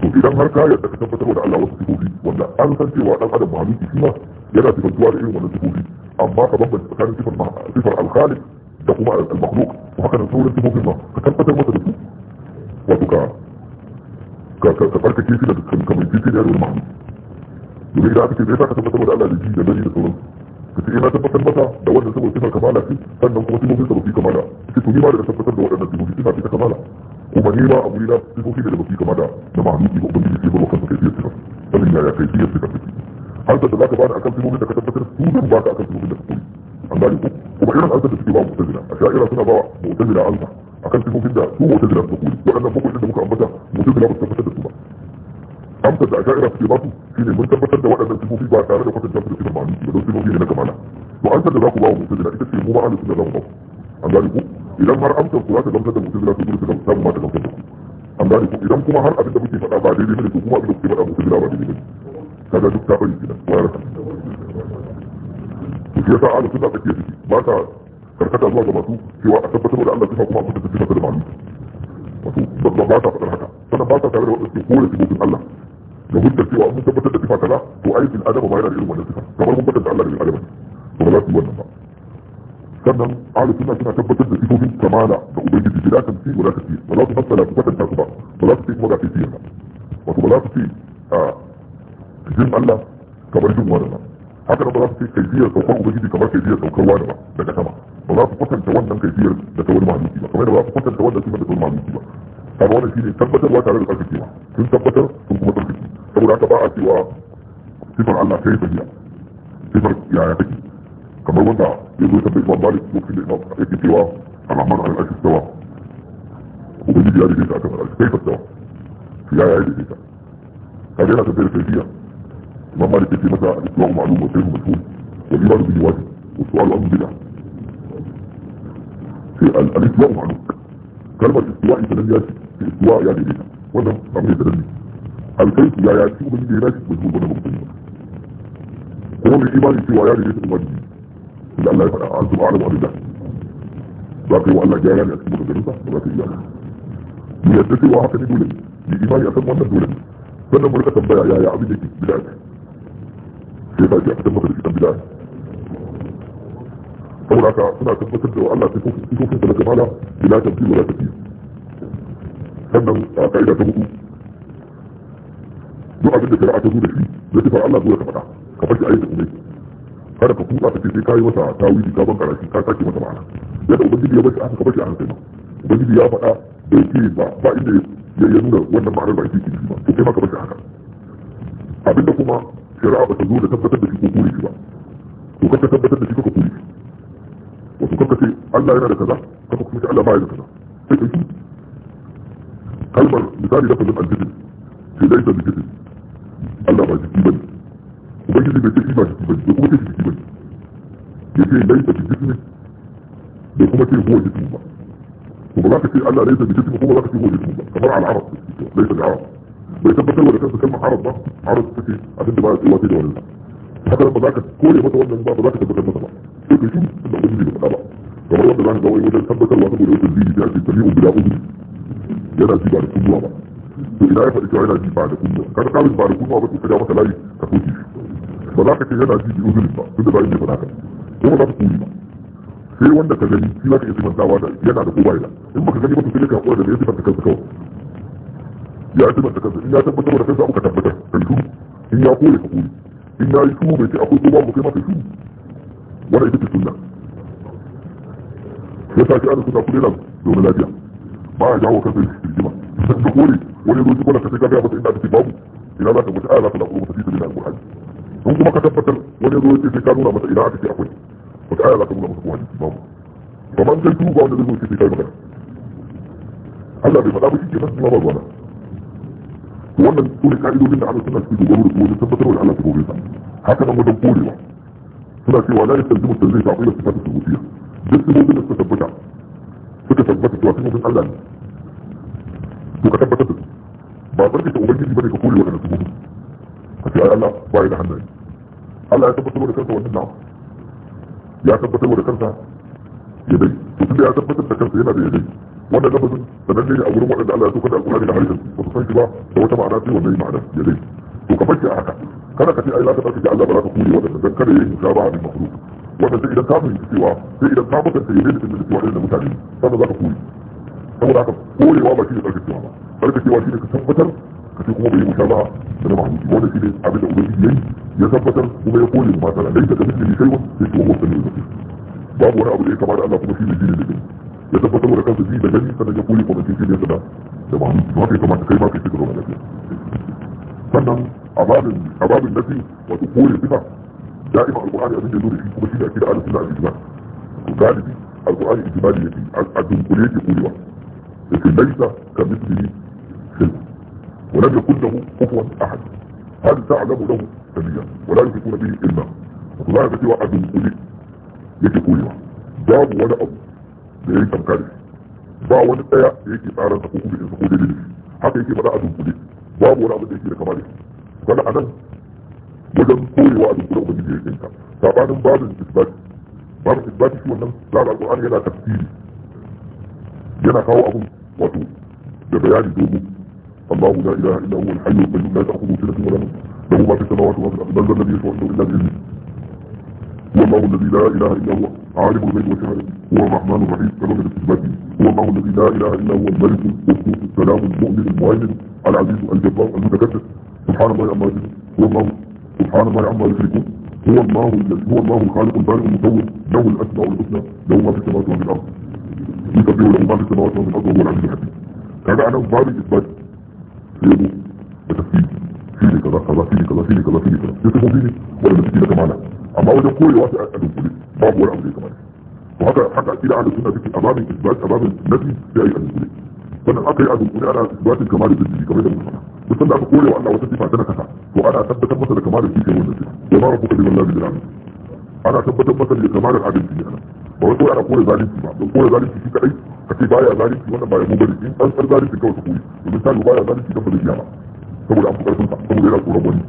to idan har ka yadda ka tabbatar da Allah wasu sifofi wanda an san cewa dan adam mahaluki shi ma yana sifantuwa da irin wannan sifofi amma ka bambanta tsakanin sifar sifar al-khaliq da kuma al-makhluq to haka nan sauran sifofin ma ka tabbatar masa da su wato ka ka ka barkake shi da dukkan kamar kike da ruwan mahaluki domin idan aka ce zai sa ka tabbatar da Allah da ji da dani da sauran ka ce ina tabbatar masa da wannan saboda sifar kamala ce sannan kuma sifofin sa ba su kamala sai to ni ma da tabbatar da waɗannan sifofi sifa ce ta kamala Kuma umarni ba a wuri na sifofi da baki kamar da na mahaluki ba ubangiji ke bar wa kansa kaifiyar sifar sanin yaya kaifiyar sifar take harkar da za ka bani akan sifofin da ka tabbatar su zan ba ka akan sifofin da ka koyi an gane ko kuma irin harkar da suke ba mu'tazila a sha'ira suna ba mu'tazila ansa akan sifofin da su mu'tazila suka koyi waɗannan bakwai da muka ambata mu'tazila ba su tabbatar da su ba amsar da a sha'ira suke ba su ne mun tabbatar da waɗannan sifofi ba tare da kwatanta su da sifar mahaluki ba don sifofi ne na kamala to amsar da za ku ba wa mu'tazila ita ce mu ba ahlus sunna za mu ba an gane ko idan har amsar ku za ta gamsar da mutum za ta gudu ta gamsar ma ta gamsar da ku an gane ku idan kuma har abin da muke faɗa ba daidai ne to kuma abin da kuke faɗa mutum ba daidai ne kaga duk ta bari kenan ko ya rasa to shi yasa ala suna tsakiyar ciki ba ta karkata zuwa ga masu cewa a tabbatar da Allah sifa kuma a mutunta sifa da malu wato ba ta faɗar haka sannan ba ta tare da waɗanda suke kore sifofin Allah da hujjar cewa mun tabbatar da sifa kaza to aikin adama ba yana da irin wannan sifa kamar mun kwatanta Allah da bil adama ba za su yi wannan ba كان على كنا كنا كبر كذا في فوقين كمانا وبيجي في جلاس كثير ولا كثير ولا تفصل لا تفصل تكبر ولا تفصل مرة كثيرة وتبلا تفصل آه جم الله كبر جم ورنا هذا ولا تفصل كثير أو كم بيجي كبر كثير أو كم ورنا ده كما ولا تفصل توان نم كثير ده توان ما نجيبه كمان ولا تفصل توان نم كثير ده توان ما نجيبه كمان في نجيب كبر ولا تعرف كثير ما كم كبر كم كبر كثير تقول أتباع سوى سفر الله كيف هي سفر يا يا كثير كما وضع يقول طب يقبض ذلك ممكن يقبض هيك سوا العمار على الاكل سوا وبيجي قال لي انت اعتبر كيف سوا في ايه عادي كده هذه لا تبدل الكيفيه ما مالك في مثلا اسمه معلومه وشيء مجهول وفي برضه بيجي واجب والسؤال امر بدعه في الاستواء معلومه كلمه استواء يتدل ياتي في استواء يعني ايه وانا امر يتدل إيه؟ الكيف يا ياتي وبيجي هناك مجهول ولا ممكن قولي من ايمان استواء يعني ايه إلا الله يبقى أنتم أعلم عن الله لكن وأن جالا يكتبون الجنوبة ولكن جالا ليستي وعاكني دولي لإيمان يأتم وأن دولي فأنا مرقة تنبيع يا يا عبيدك بلاد كيف يأتم وكذلك كتاب بلاد أولا كنا تنبتد وأن تكون في ثلاثة مالا بلا تمثيل ولا تكييف فأنا قاعدة تبقوا دعا منك رأى تزول فيه لكن فأنا الله دولة فقط كفاش أيضا أميك kada ka kuma ka sai kai masa tawili ka ban karatu ka take masa ma'ana yadda ubangiji ya bashi aka ka bashi a hankali ubangiji ya faɗa da eh, yake ba ba inda ya yi nuna wannan ma'anar ba yake ki ba to kai ma ka bashi haka abinda kuma shari'a ba ta zo da tabbatar da shi ko kuri shi ba to ka tabbatar da shi ko ka kuri shi wato kanka ce Allah yana da kaza kanka kuma ce Allah ba ya da kaza sai kai shi kalmar misali da fadin aljibin sai laisa bijibin Allah ba jiki bane ubangiji bai ce imani ba da kuma ce jiki ba ya ce laisa fi jismi da kuma ce huwa jismi ba ko ba za ka ce Allah laisa fi jismi ko ba za ka ce huwa jismi ba kamar al'arab laisa da arab bai tabbatar da kansa kalmar arab ba arab ta ce abin da ba a tsewa sai da wani haka ba za ka kore masa wannan ba ba za ka tabbatar masa ba sai ka shi da ubangiji bai faɗa ba kamar wanda za ka ga wani wajen tabbatarwa saboda wata zini ta ce tabi'un bila uzuri yana ji ba da kunduwa ba to ina ya faɗi cewa yana ji ba da kunduwa kada ka ba da kunduwa ba to ka ja masa layi ka soke shi ba za ka ce yana jiji uzurin ba tun da ba yake faɗa ka ko ba za ka koyi ba sai wanda ka gani shi za ka iya sifantawa da yana da kowa ba in ba ka gani ba to sai ka koyi da ya sifanta kansa kawai ya sifanta kansa in ya tabbatar da kansa ka tabbatar ka yi shuru in ya koyi ka koyi in ya yi shuru bai ce akwai ko babu kai ma ka yi shuru wannan ita ce sunna ya sa shi ana suna kudin nan domin lafiya ba a jawo kansa rigima da kore wani zo shi kwana ka sai ka gaya masa inda ta ce babu ina za ka mutu a za ka na kuma masa fi sabi na alƙur'ani in kuma ka tabbatar wani ya zo ya ce sai ka nuna masa ina aka ce akwai wata aya za ka nuna masa kuma hadisi babu kamar kai su ba wanda zai zo ya ce sai ka yi magana Allah bai faɗa ba shi ke nan ba ruwana wannan su ne ka'idodin da ana suna suke dogaro da su wajen tabbatar da Allah ta gobe sa haka nan wajen korewa suna cewa la yastanzimu tanzih fa qila sifatu subutiyya duk sifofin da suka tabbata suka tabbata cewa sifofin Allah ne to ka tabbatar da su ba barka ta ubangiji bane ka kore wa kana sifofin يا ألا لا عن ألا يثبت له ذكرته والنبي عمر يا ثبت له ذكرته يدي وتقول يا ثبت ذكرته هنا بيدي وانا لابد تنجي اول مرة قال لا تكد القرآن الى حديثا وتصنك بقى سويت معناه دي ولا معناه يدي وكفيت احكا كان كثير اي لا تترك جعل بلا تقولي ولا تتذكر ايه مشابعة للمخلوق وانا سي اذا كافي الاستواء سي اذا كافت السيدين في الاستواء لنا متعليم فانا ذاك قولي فهو ذاك قولي وابا كيلي ترك الاستواء ترك الاستواء كيلي تثبتر sai kuma bai mushabaha da mahmusi wanda shi ne abin da ubangiji yayi ya tabbatar kuma ya kore ma tana laisa ka mithlihi shay'un sai kuma wasu ne babu wani abu da ya kama da Allah kuma shi ne jini da jini ya tabbatar da kansa ji da gani sannan ya kore kuma shi ne sada da mahmusi ba kai kamata kai ma kai kika zama lafiya sannan a babin a babin nafi wato kore sifa دائما القرآن يأتي يدور فيه كما شيء أكيد على سنة الإجماع وقالب القرآن الإجمالي يأتي عدم كلية يقول واحد لكن ليس كمثله شيء ولم يكن له كفوا احد هل تعلم له سبيا ولا يكون به الا الله يبكي واحد يقولي يكي قوي باب ولا اب بيهي تمكاري باب ولا اب يكي فارا تقوك بيهي سقودي لي حتى يكي بلا ادو قولي باب ولا ابو يكي لكمالي قال انا وجن قوي واحد يقولي ابو يكي انت تابعنا باب الاثبات باب الاثبات شو انا لا لا القرآن يلا تفسيري جنى كاو ابو واتو ببياني دوبو الله لا إله إلا هو الحي القيوم لا تأخذه سنة ولا نوم له ما في السماوات وما في الأرض بل الذي يشفع عنده إلا بإذنه هو الله الذي لا إله إلا هو عالم الغيب والشهادة هو الرحمن الرحيم كما في الاستثبات هو الله الذي لا إله إلا هو الملك القدوس السلام المؤمن المؤمن العزيز الجبار المتكبر سبحان الله عما يشركون هو الله سبحان الله عما يشركون هو الله الذي هو الله الخالق البارئ المصور له الأسماء الحسنى له ما في السماوات وما في الأرض يكبر له ما في السماوات وما في الأرض وهو العزيز الحكيم هذا أنا بعد الإثبات yabo da tafi fili kaza kaza fili kaza fili kaza fili kaza sai kuma fili wanda suke na kamala amma wajen koyewa sai a dunkule babu abu da ya kamata to haka haka kila a babin isbat a babin sai a yi a dunkule sannan aka yi a dunkule ana isbatin kamar da jiki kamar da mutum mutum da aka koyewa Allah wata sifa tana to ana tabbatar masa da kamar da ya ana tabbatar masa da kamar ba wai kawai ana kore zalunci ba don kore zalunci shi kadai ka ce baya zalunci wannan ba yabo bane in an san zalunci kawai ka koyi domin ta baya zalunci don ba zai ba saboda an fi karfin sa saboda yana tsoron wani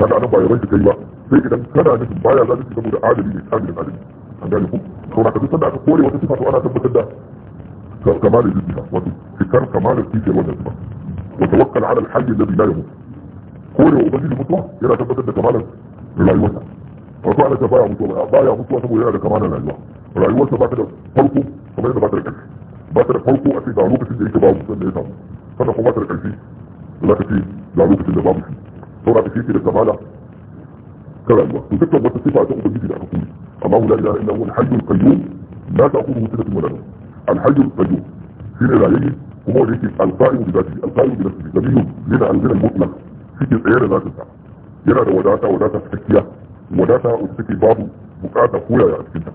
kada anan ba yaban shi kai ba sai idan kana nufin baya zalunci saboda adali ne kamilin adali an gane ku saboda ka duk sanda aka kore wata sifa to ana tabbatar da كمال الجسم وفي كتاب كمال الكيس والنسبة وتوكل على الحي الذي لا يموت كل وبديل المطلع يلا تبتد كمالا لا يوسع wasu halitta baya mutuwa baya mutuwa saboda yana da kama da rayuwa rayuwarsa ba ta da farko kamar yadda ba ta da ƙarfi ba ta da farko a ce ga lokacin da yake babu sanda ya samu sannan kuma ba ta da ƙarfi da za ka ce ga lokacin da babu shi saboda ka ce da kamala ta rayuwa to dukkan wata sifa ta ubangiji da aka kuma amma guda ila ila wani hajjul qayyum la ta'khudhuhu sinatun wala nawm al-hajjul qayyum shine rayuwa kuma wanda yake alqa'im bi dhatihi alqa'im bi nafsihi nabiyyu lina al-ghina al-mutlaq shi ke tsaye da zatinsa yana da wadata wadata cikakkiya wadata uku take babu bukata koyaya a cikinta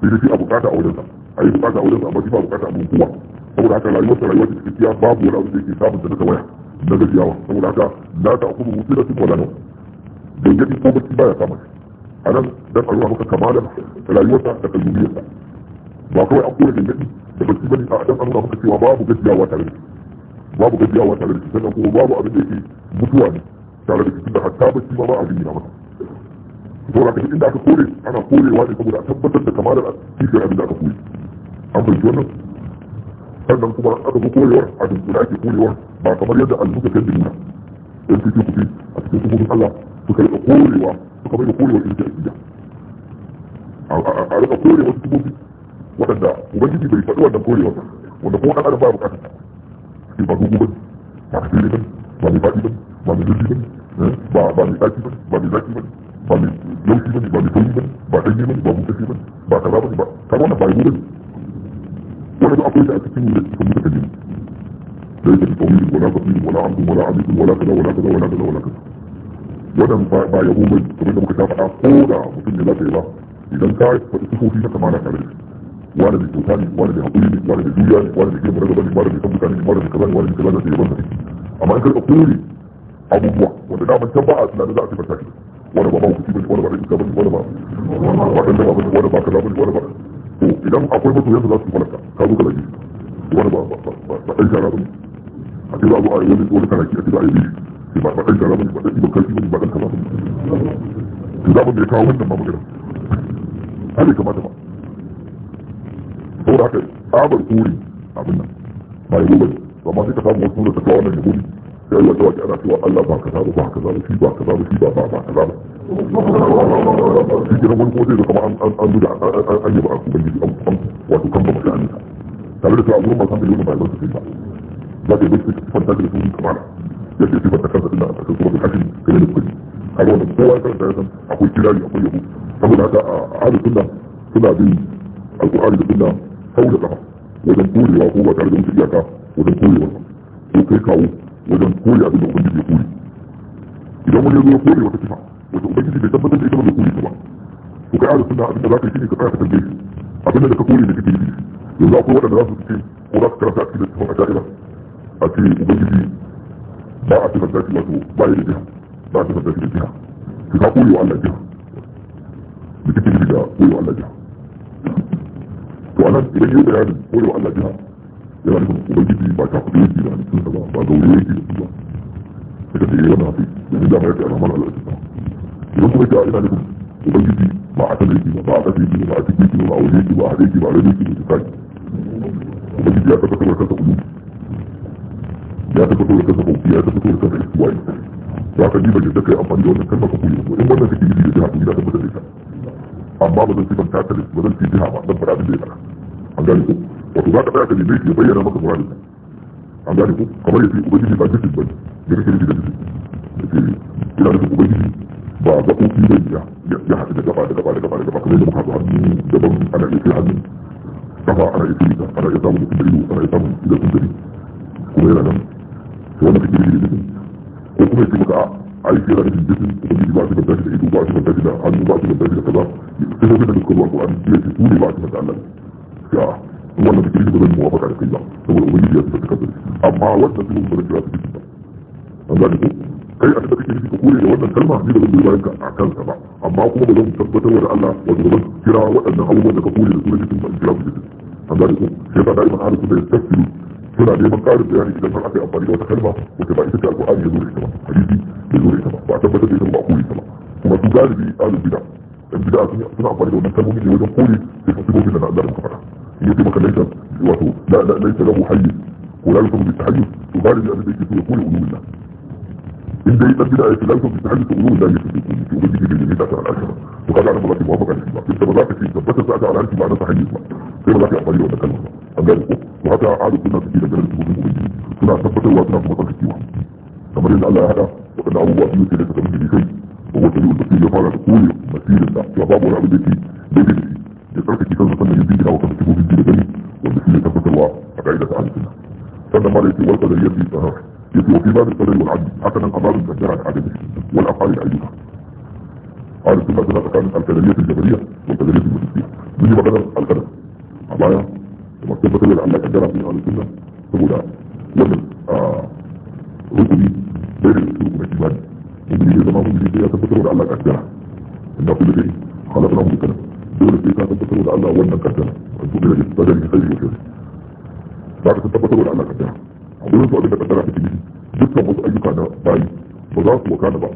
sai dai shi a bukata a wajen a yi bukata a wajensa amma shi ba bukata a kowa saboda haka rayuwarsa rayuwar cikin cikakkiya babu wani abu da yake samun daga waya na gajiyawa saboda haka na ta kuma mutu da tuko Da yadda ko bacci baya samun a nan dan a ruwa maka kamalar rayuwarsa da kalmumiyarsa ba kawai an kore gangaji da bacci bane a dan a ruwa maka cewa babu gajiyawa tare da babu gajiyawa tare da shi sannan kuma babu abin da yake mutuwa ne tare da shi da hatta bacci ma ba a jini na masa to da inda aka kore ana korewa ne saboda a tabbatar da kamalar kishiyar abin da aka kore an fahimci wannan sannan kuma aka zo korewar a dunkule ake korewar ba kamar yadda almuka kan da nuna yan cikin kuɗi a cikin kuɗin Allah suka rika korewa suka mai da korewar ilmi akida a rika kore wasu tubobi waɗanda ubangiji bai faɗi wannan korewar ba wanda kuma ɗan adam ba buƙatar ta ba dogo bane ba kasiri bane ba mai faɗi bane ba mai zurfi bane eh, ba mai tsaki bane ba mai zaki bane ba yauki bane ba mai tauri bane ba ɗanye bane ba busashe bane ba kaza bane ba ka wannan ba yabo bane wani ba akwai shi a cikin da cikin muka kaje da yake tauri wala kafiri wala abdu wala abdu wala kaza wala kaza wala kaza wala kaza wannan ba yabo bane kamar da muka ta faɗa ko da mutum ne za ka yi ba idan ka faɗi sifofi na kamala tare da shi wani mai kyauta ne wani mai haƙuri ne wani mai juriya ne wani mai girma ragaba ne wani mai kan mutane ne wani mai kaza ne wani mai kaza da sai yabon sa amma in karɓa kore abubuwa wanda daman can ba a tunanin za a sifanta shi wani ba mahaukaci bane wani ba rikika bane wani ba wadan daga bane wani ba kaza bane wani ba to idan akwai mutum yadda za su falaka ka zo ka zage wani ba ba ɗan shara bane a ce za a zo yi wani wani karaki a ce za a yi bishi ba ba ɗan shara bane ba ɗan ibon karfi bane ba ɗan kaza bane to zaɓin da ya kawo wannan ma magana har ya kamata ba saboda haka tsabar kuri abin nan ba yabo bane ba ma sai ka samu wasu da ta kawo wannan yabo ne يقول لك واجه انا سوى الله با كذا وبا كذا وفي با كذا وفي با با با كذا في كده من قوتي ده طبعا ان بدع ان يبقى بنجي او خمس وتكمل مكانها تعالوا لك اقول ما كان بيقولوا ما يقولش كده ده ده بس فانتاجي تقول كمان يا شيخ بس كذا كده عشان تقول الحكي كده كده هو ده هو ده اقول كده اقول يقول طب ده عادي كده كده دي القران ده كده حول الرحمه وده نقول يا قوه تعالوا نقول يا كده وده نقول وكده wajen koyi abin da ubangiji ya koyi idan wani ya zo ya koyi wata sifa wata ubangiji bai tabbatar da ita ba bai koyi ta ba to kai ala sunna abin da za ka yi shine ka tsaya ka tambaye shi abin da ka koyi ne kake yi yanzu akwai waɗanda za su ce ko za su karanta a cikin littafin a sha'ira a ce ubangiji ba a cikin zafi wato ba ya da jiha ba a cikin zafi da jiha ka ka koyi wa Allah jiha da kake yi da koyi wa Allah jiha to anan idan yau bayanin koyi wa Allah jiha yana nufin ubangiji ba ta kuɗe yake da halittun ba ba gaure yake da su ba daga da yawan hafi da ni dama yake a ramar al'adu ba idan kuma ita ina nufin ubangiji ba a kan yake ba ba a kasa yake ba a cikin yake ba a waje yake ba a haɗe yake ba a rage yake da su kai ubangiji ya tabbatar da kansa kuɗi ya tabbatar da kansa bauti ya tabbatar da kansa istiwai za ka ji ba yadda kai amfani da wannan kan ka koyi ba in wannan kake yi da jiha to ina tabbatar da ita amma ba zan sifanta ta ba zan ci jiha ba dan fara da ya an gane ko wato za ka tsaya ka nemi ya bayyana maka muradin an gane ku kamar yace ubangiji ba jikin bane da kake nufi da jikin yace ina nufin ubangiji ba gaɓoɓi bane ya ya haɗu da gaba da gaba da gaba da gaba kamar yadda muka haɗu hannu daban ana iya kai hannu kafa ana iya kai ana iya samun mutum da ido ana iya samun ido sun gari kuma yana nan to wannan kake nufi da jikin ko kuma yace maka a yi kera da jikin ubangiji ba su ban tashi da ido ba su ban tashi da hannu ba su ban tashi da kaza sai kuma da suka zuwa ko an yace su ne ba su ban da Allah ya هو اللي بيجي بدل الموافقه على القيمه هو الاميه اللي بتتكبر اما وانت في المبادرات دي ذلك kai a tafi kiri ko da wannan kalma ni da zai bayan ka a kanka ba amma kuma ba zan tabbatar da Allah wato ban kira waɗannan abubuwan da ka kore da su ne cikin kira su an da ku sai ba da iman halu da tafsiri suna neman ƙarin bayani idan har aka yi amfani da wata kalma wacce ba ita ce alƙur'ani ya zo da ita ba hadisi ya zo da ita ba ba a tabbatar da ita ba a kore ta ba kuma su galibi alu bida bida suna amfani da wannan kalmomi ne wajen kore sai fasikokin da na Allah da muka faɗa يتمك ليس لا لا ليس له حي ولا يلزم بالتحيز تبارز أن في كل علوم الله إن ده يبقى لا يلزم بالتحيز علوم الله يجب يكون في كل تعالى على العشرة وقال على مراتب موافقة الإجماع أنت مراتب في ثبت ساعة على العشرة معنى تحيز بقى في مراتب أفضل ولا كلمة أجل القوة عاد كنا في كده جلد المؤمنين كنا ثبت واتنا في مطلق السيوة كما رأينا الله هذا وقد عبوا أبيه كده تتمنى بشيء وهو تليل بسيء يفعل تقول مسير الله شباب ولا بديتي بديتي يترك كتاب مثلا يبين او تنكبه من دين بني والمثل يتفك الله فقاعدة عن السنة فلما رأيت والقدرية في فهاش يتوى في باب القدر والعدل حسنا أمار الزجارة العدده والأفعال العجيبة قال السنة ثلاثة كانت القدرية الجبرية والقدرية المسيحية من يبقى قدر القدر أبايا ومكتبة اللي علاك الجرع في أهل السنة سبولا ومن آه، رسلي غير السلوك والإيمان ومن يجب أن يكون هناك أجرع إنه كل شيء خلقناه بالكلام dole sai ka tabbatar da Allah wannan kaddara a dole da kadar ne sai yake ba ka tabbatar da Allah kaddara akwai wasu abin da kaddara take nufi dukkan wasu ayyuka na bayi ba za su wakana ba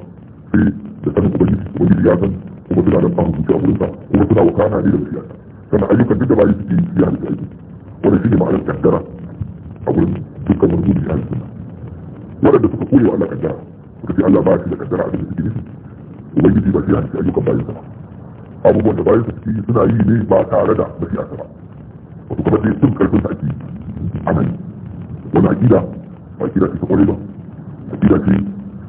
sai da sanin ubangiji ubangiji ya san kuma suna da fahimci zuciya wurin sa kuma suna wakana ne da zuciya sannan ayyukan duk da bayi suke yi ya halitta aiki wannan shi ne ma'anar kaddara a wurin dukkan wani gudu ya halitta waɗanda suka koya wa Allah kaddara suka ce Allah ba shi da kaddara a cikin ubangiji ba shi ya halitta ayyukan bayan sa abubuwan da bayan su suke suna yi ne ba tare da mafi asa ba wasu kuma sai sun karfin sa ake a wani akida ba akida ce ta kwarai ba akida ce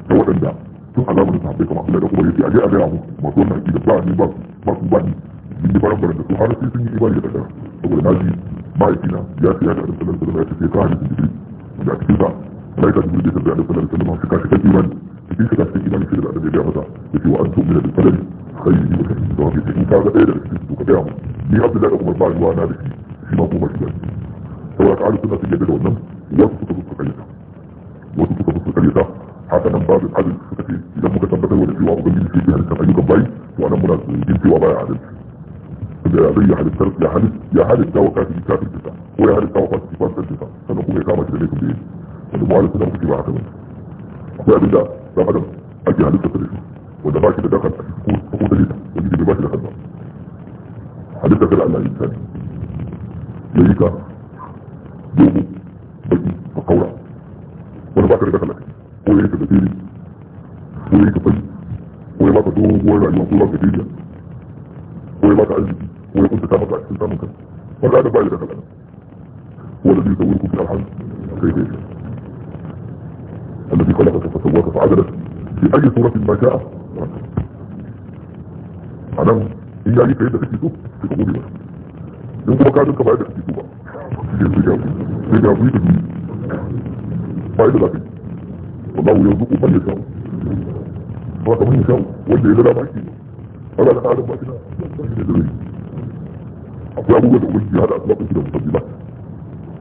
ta waɗanda tun a zamanin sa kamar kama Allah da kuma yake a je a gaya mu masu wannan akida ba ni ba ba su ba ni sun yi baran baran da su har sai sun yi ibadi da kaddara saboda na ji ma'aikina ya ce ya ga Annabi da alaihi wasallam ya ce sai ka hadisi da a cikin sa sai ta dubi da da kallon kallon ka kashi kan imani cikin ka kashi imani sai da da ya masa yake wa antum min al-qalbi khayri wa kashi to ka cikin ka ga da cikin ka ga mu ni abu da kuma ba ruwa na da shi shi ma kuma shi saboda ka alu sunna take da wannan wasu suka fuska karyata wasu suka fuska karyata haka nan babu adal suka ce idan muka tabbatar da cewa ubangiji shi ke halittar ayyukan bayi to anan muna jin cewa baya adalci da zai ya halittar ya halitta wa kafin kafin kisa ko ya halitta wa kafin kafin kisa sannan kuma ya kama shi da laifin da يجب عليك ده مشكلة عقلية أخويا بالله ده قدم الجهالية تفرشه وده بقى كده دخل حقوق تجيبه ويجي بقى كده خدمه حديثة كده على الإنسان يجيك دوبه بجي وقورة وده بقى كده دخلك ويجيك بسيري ويجيك طيب ويبقى تدوب ويبقى المنصورة كتيرة ويبقى تعزي ويكون تتابع تعزي تتابع وده بقى كده دخلك هو الذي يسويكم في الأرحام كيف يشاء الذي خلقك فسواك فعدلك في اي صورة ما شاء معناه ان عليك يدك في في قبول بقى يوم ما كان انت بعيدك في سوق في تجا في في بعيد لك والله يرزق من يشاء فرق من يشاء واللي لا في ولا لا تعلم ما كده في abubuwan da ubangiji hada a في da mutum ba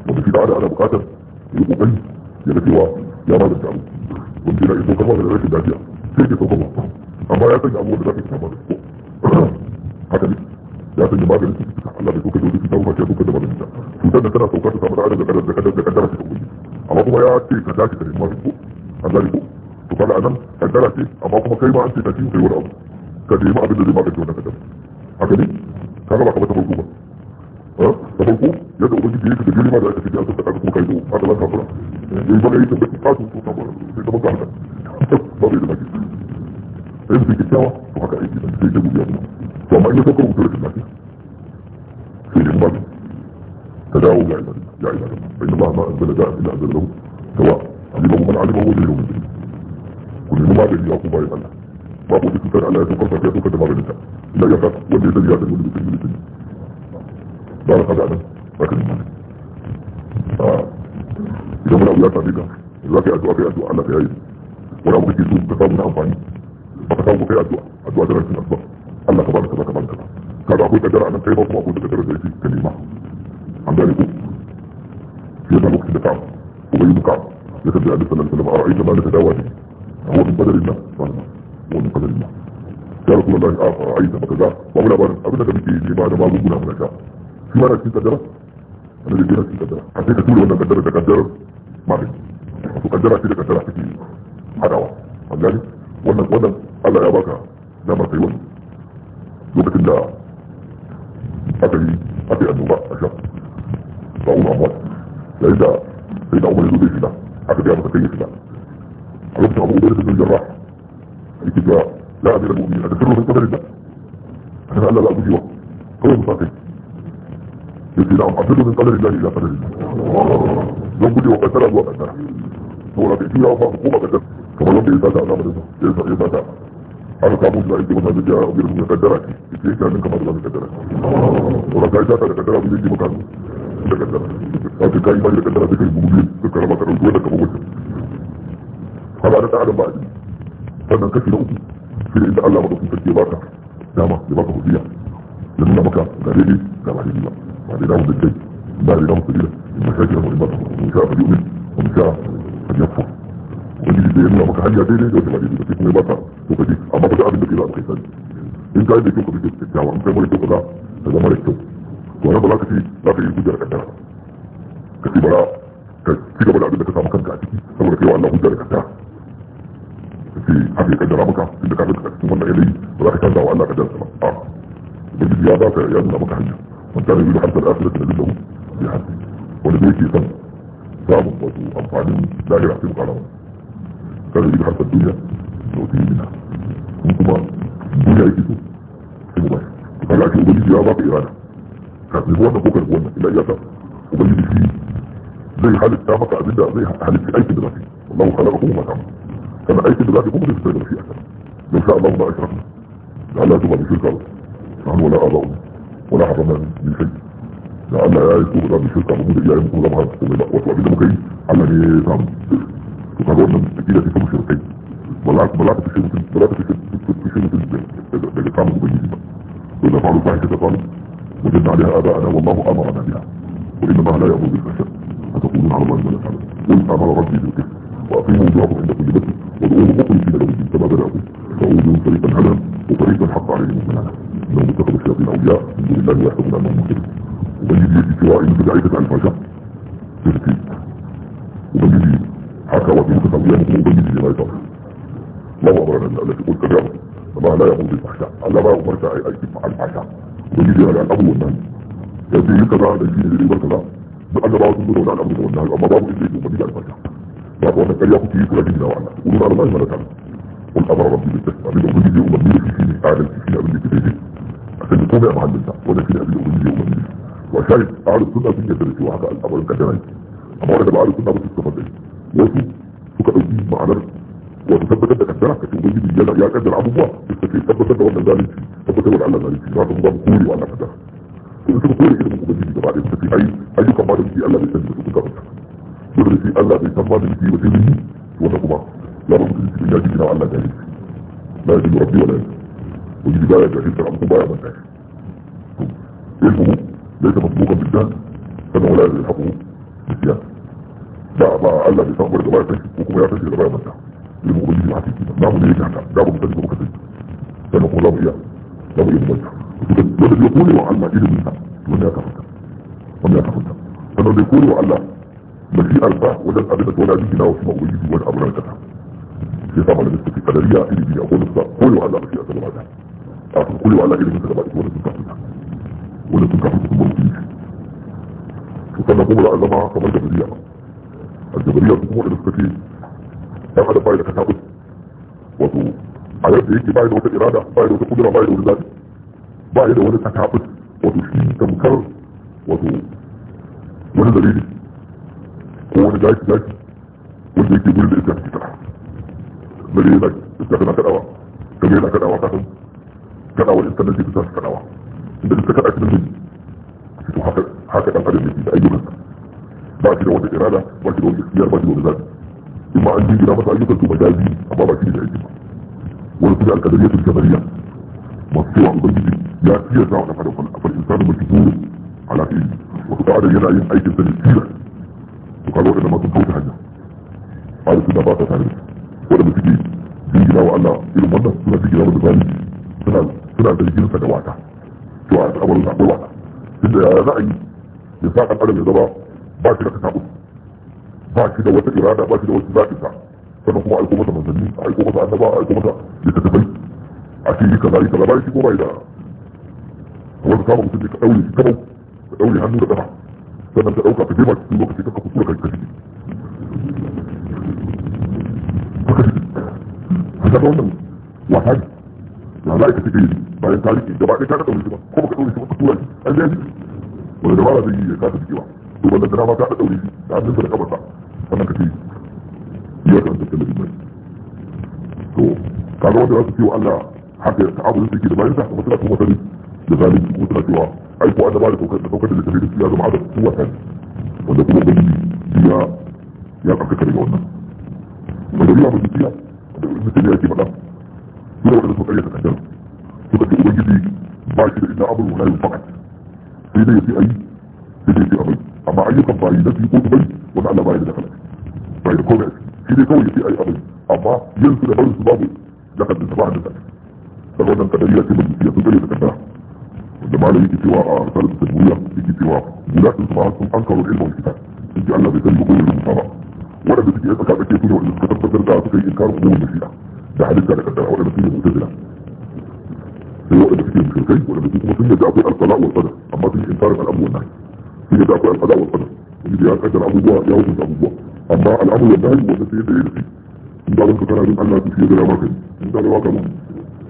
wanda shi في ana ana bukatar ya yi في ya ga cewa ya ba da samu wanda yana iso kama da rashin lafiya sai ke sauka ba amma ya sanya abubuwan da za ka kama da ko haka ne ya sanya maganin cututtuka Allah bai sauka dole wani cuta ba ke sauka da maganin ta cutar da tana sauka ta samu da kadar da kadar da kadar ta kadar amma kuma ya ce ka dace ka nemi magani ko Allah ne ko to anan kaddara ce amma kuma kai ma an ce ta ciwo kai wani abu ka nemi abin da zai magance wannan kaddara haka ne kaga kamar ba eh? ta yadda ubangiji yi da da aka fi da ليه بقى ايه تبقى تقاتل وتطور تبقى تعمل طبيعي لك انت كتاوة وحكا ايه كده زي جابوا بيها فما ايه فكروا بطريقة الماكية في الماكية تداعوا يا عباد يا عباد فإن الله ما أنزل داء إلا أنزل له سواء علمه من علمه وجهله من جهله كل يوم ما بين يعقوب يا الله ما قلت الإنسان على يتوقف فيتوقف كما بين الإنسان لا يخاف والذي يزال يأتي المدن في المدن بارك هذا لكن الماكية idan wani abu ya same ka za ka yi addu'a kai addu'a Allah ka yaye wani abu kake so ka samu na amfani ba ka samu kai addu'a addu'a tana cikin addu'a Allah ka bada kaza ka bada kaza kaga akwai kaddara nan kai ba kuma akwai kaddara da yake ka nema an gane ko shi yasa lokacin da ka ubayi buka ya kaddara Annabi sallallahu alaihi wasallam a ra'ayta ma da tadawa هو من قدر الله سبحانه هو من قدر الله يا رسول الله أرأيت بكذا وأقول أبدا أبدا بك إيه بعد ما أقول هنا هناك في مرة كنت قدرة أنا اللي جينا كنت قدرة حسيت أقول وأنا قدرة تقدر مرض وقدر في ذلك ثلاثة في عدوى فلذلك وانا وانا الله يا باكا لا ما تيون لوكة الله أتري أتي أنه بقى أشاف فأقول أموات لإذا سيدنا عمر يزودي في الله أتبع متكيف في الله أردت أبو أبو أبو الجراح يكيد لا أمير المؤمنين أتفروا في القدر الله أنا لا لا أبو جيوه قوي مصاكي yake da amfani domin kadarin lahi ila kadarin don guje wa kasara zuwa kasara saboda kai juya ba ko ba kasar kamar wanda ya sata a zamanin sa ya sata aka kamo su da ake masa da ya obira mun kaddara ce ita yake nan kamar da kaddara saboda kai sata da kaddara mun yake maka da kaddara wato kai ba da kaddara sai kai gudu da karama karan duwa da kamar wata haba da ta'adam ba a sannan kashi na uku shi dama ya nuna maka ga daidai ga ba daidai ba ba daidai mu dai ba daidai mu kudira in ka kira mu ba in ka fadi umin in ka fadi yafu wani da ya nuna maka hanya daidai da wata ba daidai ba sai kuma ya baka ko kaje amma ba da abin da kai za ka kai sani in ka yi da kyau ka bi kyakkyawa in kai mara kyau ka za ka zama da kyau to ba za ka ce za ka yi hujjar ba لكن يا باقي يا ابن ابوك وانت وانتهى يقول حتى الاخره النبي داوود بيحكي ولديك يسمى صعب وانفعلهم لا يعتمد على كان يجيب حتى الدنيا نوتين منها انتما الدنيا يجيبوا في مباشر قال لك ابليس يا باقي اراده كانت نبوانا فوق نبوانا الا اياك ابليس فيه زي حالة تامك عبدا زي حالة في اي تدراسي الله خلقكم وما تعمل كان اي تدراسي كم تستيقظ في اكثر لو شاء الله ما اشرفنا لعلها تبقى بشرك الله نعم ولا آراؤهم ولا حرمنا من شيء لعل يكون ده بالشركة موجودة إيه يكون ده مهد وطلع بينا مكين على ليه نعم وكان قلنا إيه في كل شركين بلعت بلعت في الشيء بلعت في الشيء في الشيء في الشيء تعمل مبينين وإذا فعلوا فاحشة فعلوا وجدنا عليها آباءنا والله أمرنا بها وإنما لا يأمر بالفحشاء أتقولون على الله ما لا قل أمر ربي بالكفر وأقيموا وجوهكم عند كل بس وادعوه مخلصين له الدين كما بدأكم فأوجدوا فريقا هدى وفريقا حق عليهم الضلالة لو اتخذوا الشياطين اولياء من دون الله ويحسبون انهم مهتدون وبين لي اتباعهم ببعيدة عن الفحشاء تركيب وبين لي حكى وتوكل اولياءهم وبين لي ما يصح الله امرنا التي قلت الرغم ما لا يقوم بالفحشاء الا ما امرت عن الفحشاء وبين لي على الامر والنهي يأتي لك بعد الدين الذي بركنا بأن بعض الدنيا على الامر والنهي اما بعض الدين وبين لي على الفحشاء فأخوانا كان يأخذ فيه كل دين نوعا ولنا على الله ما نتعلم قلت والامر ربي بالتسمع بالاغنيه وبميل كثير اعلن كثير قبل كده عشان تكون يا معلم ده وانا كده قبل الاغنيه وبميل وشايف اهل السنه في جدلتي وحق الامر الكلامي اما انا بقى السنه بس الصفه دي وفي تكتب معنا وتثبت انك الدرع كتب لي بالجدع يا كده العبوا تثبت انت ولا ذلك تثبت ولا على ذلك بعد ما بقولي وانا كده كنت بقول كده ممكن تيجي بعد كده في اي اي كمان في الله بيسلمك كده بدري في الله بيسمعني في وتيجي وانا كمان لا رب رجعت كده وعلا تاني لا يجب ربي ولا يجب ويجي بقى يجب عشان تلعب كوبايا من تاني ايه الهموم ليس مسبوقا بالذات فانا ولا يلحقه بالسياسة بقى بقى قال لك يستقبل ده بقى يفشل وكوبايا فشل ده بقى يمتع المغربين معاك كده نعم ليه كده نعم مستجد مكتب فانا قول لهم اياه لهم ايه ممتع لما يقولوا على ايه منها ولا يتفتح ولا يتفتح فلما يقولوا على ما في أربع ولا الأبدة ولا دينا وفي مغربين ولا أبرا يتفتح يصعب على نفسك القدرية اللي بيها كل الصعب كله على بشيء أسأل بعدها أعطوا كله على إلي مثل بعدك ولا تنكح فيها ولا تنكح في تنبغ وكان نقوم على الجماعة كما الجبرية الجبرية تقوم إلى السكين كان هذا فايدة كتابت وضو على ذلك فايدة وضع إرادة فايدة وضع قدرة فايدة وضع ذلك فايدة وضع كتابت وتو شيء تمكر وضو ولا دليل هو اللي جاي جاي واللي يجي يقول لي انت bari ya zaki iska tana kaɗawa kamar yana kaɗawa kasan kaɗawar iska da ke ta kaɗawa inda iska kaɗa kidan jini to haka haka ɗan adam yake da ayyukansa ba shi da wata irada ba shi da wata siyar ba shi da wata zaɓi in ma an jingina masa ayyukan to majazi amma ba shi da aiki ba wani kuma alƙadariya su kamariya masu cewa ubangiji ya fiye sa wa ɗan adam fal'insa da mafi buru ala fi'ili wasu ɗan yana yin aikinsa da tilas to kaga waɗanda masu bauta hanya ba da suna ba ta tare da waɗanda suke jingina wa Allah irin wannan suna jingina wa zalimi suna suna zarginsa da waka to a tsabar sa akwai waka tunda ya za a yi ya sa kan adam ya zama ba shi da kasabun ba shi da wata irada ba shi da wata zaɓi sa sannan kuma aiko masa manzanni a aiko masa annaba a aiko masa littattafai a ce yi kaza yi kaza bayan shi ko bai da wanda kama mutum ne ka ɗaure shi kamau ka ɗaure hannu da ƙafa sannan ka ɗauka ka je ma cikin lokaci ka kuskura ka kashe an wannan wasa ne ya za ka cika yi bayan ta rike gaba ɗaya ba ko ba ka ɗaure shi ba ka tura shi an zai dabara zai yi ya kasa cikewa to da da ka ce ya kan tattalin kaga wanda za su Allah haka ya ta'abu da suke da bayansa kuma suna kuma sani da zalunci ko suna cewa ai ko da da da da su ya zama haka su wasa wanda kuma ubangiji ya ya wannan. Wanda mutum ya ke faɗa sura wadda suka ƙaryata kaddara suka ce ubangiji ba shi da illa abin wala yin faɗa sai dai ya ce ayi sai dai ya ce abai amma ayyukan bayi na su ko su bari wanda Allah baya da dakala bai da komai shi dai kawai ya ce ayi abai amma yin su da barin su babu dakal da ba da dakala saboda wannan kadariya ce mai ya sun ƙaryata kaddara wanda malam yake cewa a sarar da tabburiya yake cewa guda sun su ma sun an karo ilmin kitab in ji Allah bai sani ba ko ya rubuta ba waɗanda suke ya tsaka ke su ne waɗanda suka tabbatar da suka yi inkar umumin da shi'a da halitta da kaddara waɗanda suke mutazila sai waɗanda suke mushrikai waɗanda su kuma sun yadda akwai alfala wa sadar amma sun yi inkarin al'amu wa nahi sun yadda akwai alfala wa sadar wanda ya kaddara abubuwa ya hukunta abubuwa amma al'amu wa nahi wanda sai yadda ya nufi in da ranka kana bin Allah su shi ya gara maka in da rawa kamar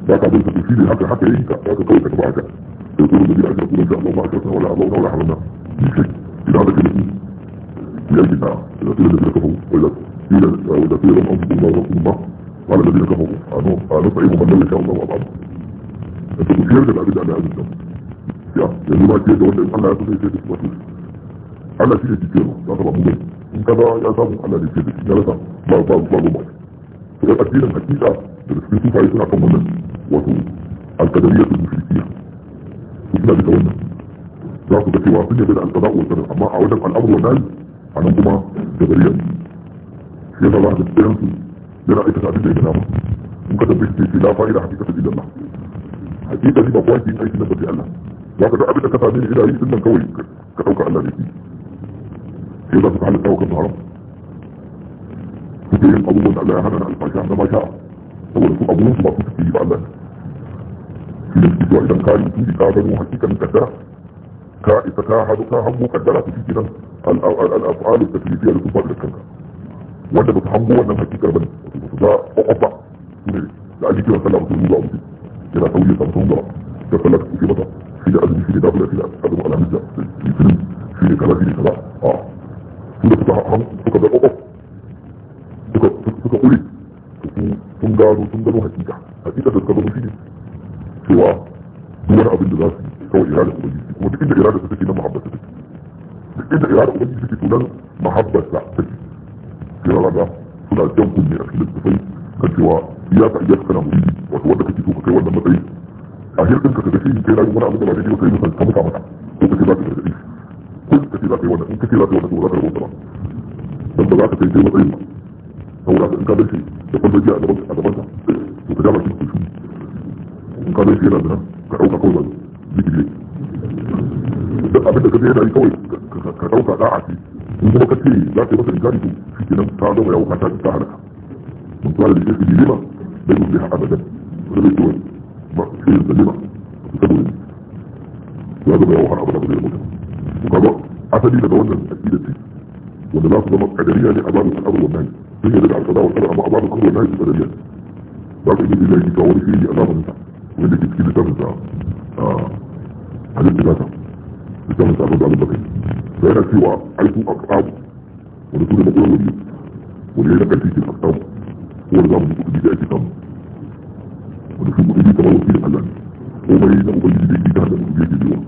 da ka bin ka shi ne haka haka yayin ka ya ka kawai ka tafi haka sai kuma da bi a ga kuma da Allah ba ka san wala Allah wala haramna ni sai idan da kake من الجنة إذا قيل الذين كفروا وإذا قيل وإذا قيل لهم أنفسكم ما رزقكم الله قال الذين كفروا أنطعم من لو يشاء الله وأطعمه أنت تخير جل أبدا على هذا الجنة يا يعني ما كيد وإن الله يتسعي كيد الرسول على شيء كثير لا تبع مبين إن كذا يا سامو على شيء كثير لا تبع ما ما ما ما فقد أكيد الحقيقة في سوف يكون أقوى من وتو القدرية المشركية وكنا بتوانا za ku ga cewa sun yi da alƙada wa amma a wajen al'amur wa عندهما جبرية يلا واحد بيرنس يلا ايتا ساعتين زي جنابه مكتب بيشتي لا فائدة حقيقة إلا الله حقيقة دي بقوات دين أي سنة بدي الله لكن رأى بدك تعمل إلى أي سنة كوي كتوقع الله ليكي يلا تتعلم توقع الظهر فتين أبوه أن الله يهدنا الفاشا عندما شاء هو لكم أبوه سبا كنت تجيب الله في نفسك وإذا كان يكون لك أبوه حقيقة من تتاهد تتاهد مقدرات في جنان الأفعال التكليفية التي تبقى لك كذا وانا بتحمو وانا مكيك ربن وفضاء وقفع لأجي كما سلا رسول الله عبدي كما سوية سمس الله تسلت في بطا في لأزمي في لدافلة في لأزم على مزة في فيلم في لكما في لكما اه فضاء تتاهم فكذا وقف فكولي تنقالوا تنقالوا حقيقة حقيقة تتكلم فيه سوى دون أبن دراسي سوى إرادة مجيزة ودي ايه ده ارادتك ده محبتك ايه ده ارادتك ده محبه ذاتك في رغبه فلا تنقل من اخيلك بفيت انت هو يا تحديك كلام ودي وتودك تشوفك كي ولا ما تعيش اخير انت كتبتي انت لا يمر عمد بعد ديوك ايضا كمتع متع كنت في ذاتك تعيش كنت في ذاتك وانا كنت في ذاتك وانا تقول اخر وانترا بس بلعك تنجي وطيما هو لعك انت بيشي يقول بيجي انا بجي انا بجي وتجعل شيء تشوني انت بيشي انا بنا كعوك كوزا بيجي ليه duk abin da ka je yana yi kawai ka ɗauka da'a ce in kuma ka ce za ka yi masa inkari to shi ke nan ta gama yawo ka ta ta halaka mun tsara da shi ne ma bai mun biya abadan wanda bai ciwon ba shi ne zalima saboda ne ya gama yawo har abada ba zai mutu ka ga asali daga wannan aƙidar ce wanda za su zama ƙadariya ne a babin al'amur wannan sun yi daga alƙada wa tsara amma a babin al'amur wannan su ƙadariya za ka yi da ya yi kawo da shi ne a zamaninsa wanda ke cikin littafinsa a halittar nasa كما تعرض على البكر فهنا سوى عيسو أقطاب ورسول الله قول وليه وليه لك الفيك الأقطاب هو نظام بيجي اعتصام ونسوه إليه كما وكيل الألان وما ينا أبيه بيجي جهنم وبيجي بيوه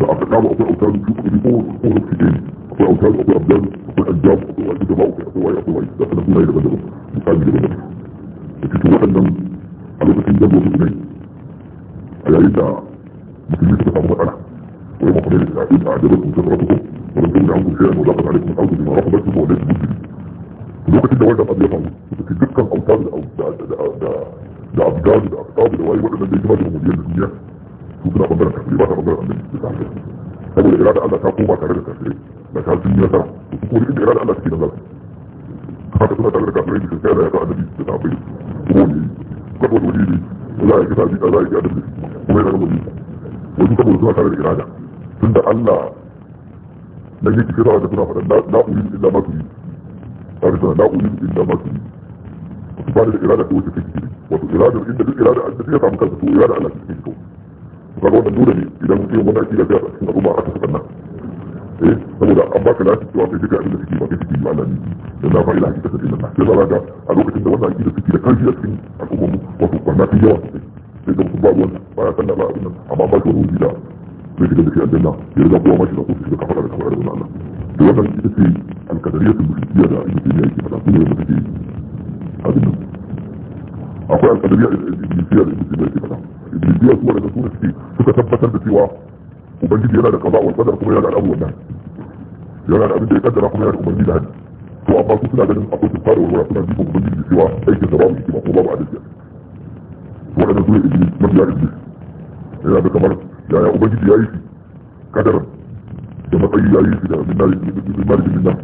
da aka kama akwai autaru su kuma ko ko da suke akwai autaru akwai abdan akwai ajab akwai wani da bawo akwai wani akwai wani da kana kuma yi daban daban misali daban daban da cikin waɗannan a lokacin jabo su ne a yayin da musulmi suka samu matsala wa yamma fadilin sa'id a ajabatun kasaratukum wa lam tunda ankum shay'an wa daqat alaykum al-ardu bima rahabatkum wa laysa bikum lokacin da wannan abu ya faru suka ce dukkan da da abdalu da da su suna bangaren da ta hankali saboda da su kuma inda da zasu haka suna da kafirai domin saboda zuwa tare da irada tun da Allah da yake kira da suna faɗa la ulidu illa ma turi ba da sana la ulidu illa ma turi wasu ba da irada ta wuce take kiri wasu irada inda duk irada an tafiya samu kansa to irada Allah take kiri to kaga wannan dole ne idan mutum wani akida zai a cikin al'umma aka saka nan eh saboda an baka lati cewa kai kika abin da kike ba kai kike ba Allah ne dan na fa'ila hakika ta dinna sai ba ga a lokacin da wannan akida take da kanshi a cikin al'umma wato kwanaki yawa sosai sai da babu wannan baya sallah ba abin nan amma ba shi wani wuri da zai shiga da shi aljanna ya riga kowa mashi da kofi shiga kafa da kafa da wani Allah da wannan ita ce alkadariyatul mushrikiya da ibn taymiya yake faɗa su ne wanda take abin nan akwai alkadariya da ibn taymiya da ibn taymiya yake faɗa ibn taymiya su wanda su suke suka tabbatar da cewa ubangiji yana da kaza wal qadar kuma yana da abu wannan yana da abin da ya kaddara kuma yana da ubangiji da hadi to amma su suna ganin akwai tufara wal wala suna jifin ubangiji da cewa aikin da babu hikima ko babu adalci waɗannan su ne iblis mafiya iblis yana da kamar yaya ubangiji ya yi shi kadar da matsayi ya yi shi da minnari da minna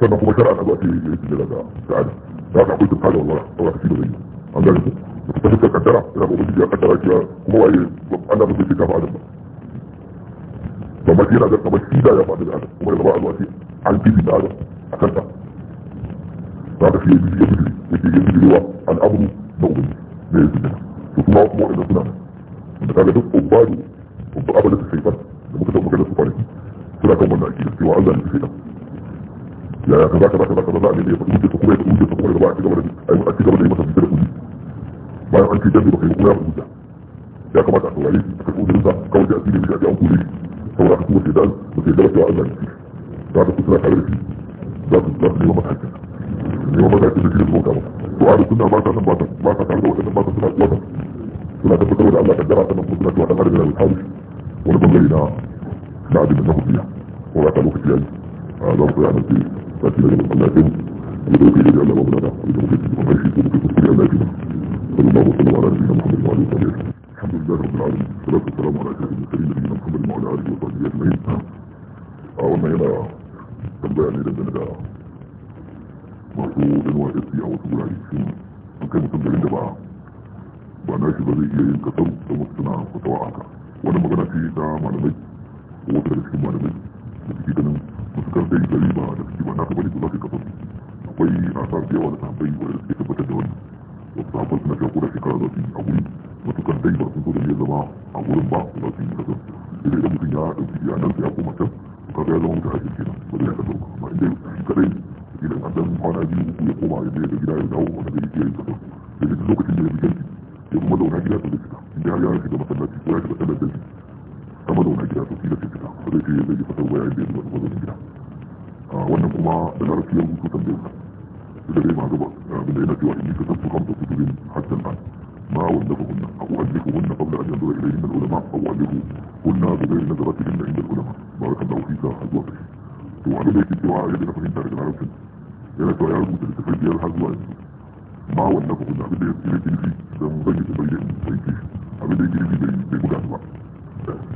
sannan kuma shara'a na ba ce ya yi shi da ga adam da haka akwai tukka da walwala saboda shi da zai yi an gane ku ta fuskar kaddara yana da ubangiji ya kaddara shi kuma waye An ba zai fi kafa adam ba kamar yana da kamar shi da ya faɗi da adam kuma da gaba a zuwa ce an fi da adam a kanta za ka fiye biyu ya biyu ya ya kuma kuma idan suna da kaga duk ubadu ubu abu da su shaitan da muka tabbata da su kwanaki suna kan wannan akidar cewa Allah ne su shaitan ya ya kaza kaza kaza kaza za a daidai ya faɗi wuce ta kuma ya faɗi wuce kuma da ba a cigaba da a cigaba da yi masa fitar kudi bayan an ce jabi ba kai kuma ya faɗi ya kamata a saurare shi a karɓi sa kawai da asiri da an kule saboda ka kuma da ba sai gaba cewa Allah ne su za ka kusa tare da shi za su nema masa ne wanda ake shirki da tsoka ba to a suna ba ta nan ba ta ba ta tare da waɗannan ba ta suna kuwa suna tabbatar da Allah kaddara sannan kuma suna cewa dan adam yana da wani bangare na na abin na hudiya ko ta a za mu koya nan sai sati da Allah din mu dauke da Allah babu nada abin da muke cikin kamar shi ko muke kuskure Allah din sallallahu alaihi wa sallam ala Muhammad wa alihi wa sahbihi الحمد لله رب العالمين والصلاة والسلام على أشرف المرسلين نبينا محمد وعلى آله وصحبه أجمعين. أول ما يلا tambaya ne dangane wato nysc a wasu wurare shi a kan san garin da ba ba na shi ba zai iya yin kasar da wasu suna fasawa haka wani magana ce ta malamai Ko wata daga cikin malamai da suke ganin wasu karfe gari ba da suke ba na ka bane su za su kasar akwai asar da yawa da sahabbai wanda suke tabbatar da wani. wasu sahabbai suna cewa koda shekara za su yi a wuri wasu kan dai ba sun so da ne zama a wurin ba za su yi kasar idan idan mutum ya ɗauki ya nan ya koma can kaga ya zama mutum a cikin kenan ba zai ya kasar ba amma inda kadai idan an dan kwana biyu uku ya koma ya je da gida ya dawo wani gari ke yin kasar da duk lokacin da ya bikin ya kuma zauna gida su zai fita inda har ya shiga masallaci ko ya shiga sallar dalli kama zauna gida su fila su fita ba zai ce zai yi fasar waya da ya zuwa zuwa gida wannan kuma da larabci ya rubutu kan dauka da dai ma gaba abinda yana cewa in yi kasar su kamta su tuzin hatta ba ما ولفهن أو ألفهن قبل أن ينظر إليهن العلماء أو ألفهن بغير نظرتهن عند العلماء بارك الله فيك حزوتك وعلى ذلك الدعاء يدنا فهمت لك العرب yana cewa ya rubuta da tafai biyar har zuwa yanzu ba wannan kuma abin da ya ke girbi don zan yi tafai da yanki Abinda ya girbi bai buga su ba